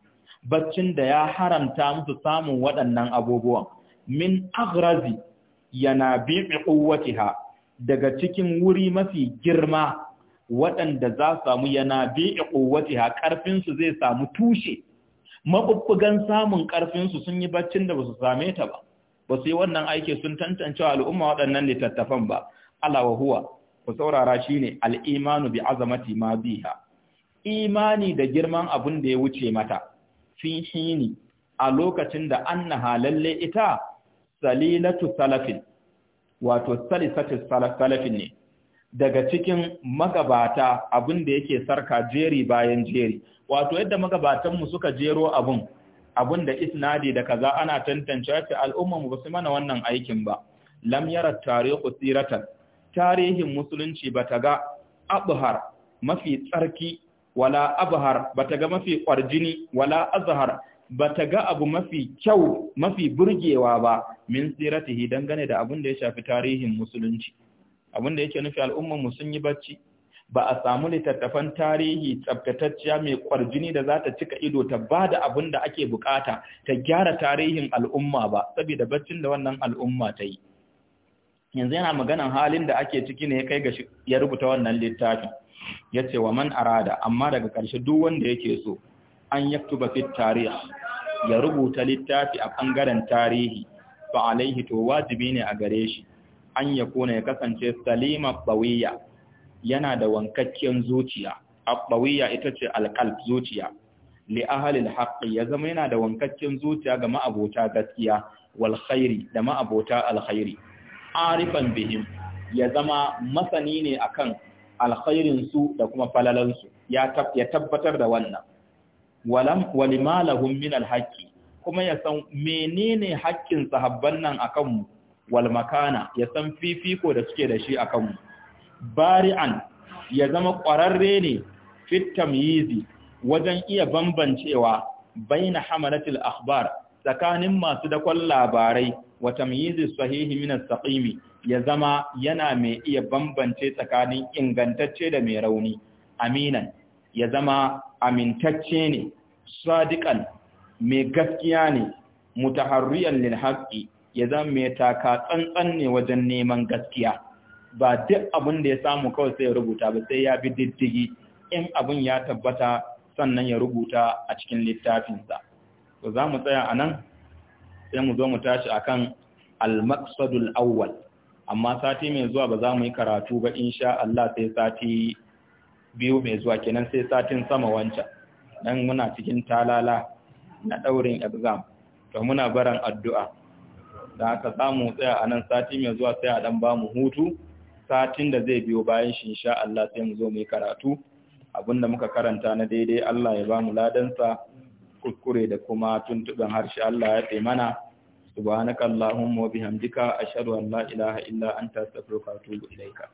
baccin da ya haramta musu samun waɗannan abubuwan min aghrazi yana bi quwwatiha daga cikin wuri mafi girma waɗanda za samu yana bi'i quwwatiha karfin su zai samu tushe mabubbugan samun ƙarfinsu sun yi baccin da ba su same ta ba ba su yi wannan aiki sun tantance al'umma waɗannan littattafan ba ala wa huwa ku saurara shi ne! al'imanu bi azamati ma biha imani da girman abin da ya wuce mata fi shini a lokacin da annaha lalle ita salilatu salafin wato salisatu salafin ne daga cikin magabata abin da yake sarka jeri bayan jeri wato yadda magabatanmu suka jero abin abin da isnadi da kaza ana tantance ce al'ummarmu ba su mana wannan aikin ba lam yara tarihu tsiratan tarihin musulunci ba ta ga abuhar mafi tsarki wala abuhar ba ta ga mafi kwarjini wala azhar ba ta ga abu mafi kyau mafi burgewa ba min tsiratihi dangane da abin da ya shafi tarihin musulunci abinda yake nufi al'umman mu sun yi bacci ba a samu littattafan tarihi tsabtatacciya mai kwarjini da za ta cika ido ta ba da abin da ake bukata ta gyara tarihin al'umma ba saboda baccin da wannan al'umma ta yi yanzu yana maganan halin da ake ciki ne ya kai ga ya rubuta wannan littafin ya ce wa man arada amma daga ƙarshe duk wanda yake so an yaktuba fit tarih ya rubuta littafi a ɓangaren tarihi ba alaihi to wajibi ne a gare shi an ya kone ya kasance salima ɓawiya yana da wankakken zuciya ɓawiya ita ce alƙalb zuciya li ahalil haƙƙi ya zama yana da wankakken zuciya ga ma'abota gaskiya wal khairi da ma'abota alkhairi arifan bihim ya zama masani ne akan alkhairin su da kuma falalan su ya tabbatar da wannan walam walimalahum min alhaqi kuma ya san menene haƙƙin sahabban nan akan mu Walmakana ya san fifiko da suke da shi a kanmu bari'an ya zama ƙwararre ne fit tamyizi wajen iya bambancewa baina hamalatil akhbar tsakanin masu dakon labarai wa tamyizi sahihi min as ya zama yana mai iya bambance tsakanin ingantacce da mai rauni aminan ya zama amintacce ne sadiqan mai gaskiya ne mutaharriyan lil haqqi ya zama mai taka tsantsan ne wajen neman gaskiya ba duk abin da ya samu kawai sai ya rubuta ba sai ya bi diddigi in abin ya tabbata sannan ya rubuta a cikin littafinsa to za mu tsaya a nan sai mu zo mu tashi a kan almaksadul awwal amma sati mai zuwa ba za mu yi karatu ba in sha Allah sai sati biyu mai zuwa kenan sai satin sama wancan dan muna cikin talala na daurin exam to muna baran addu'a da aka samu tsaya a nan sati mai zuwa sai a dan ba mu hutu satin da zai biyo bayan shi insha Allah sai mu zo mu yi karatu abinda muka karanta na daidai Allah ya ba mu ladansa kuskure da kuma tuntuban harshe Allah ya fi mana subhanaka allahumma wa bihamdika ashhadu an la ilaha illa anta astaghfiruka wa atubu ilaika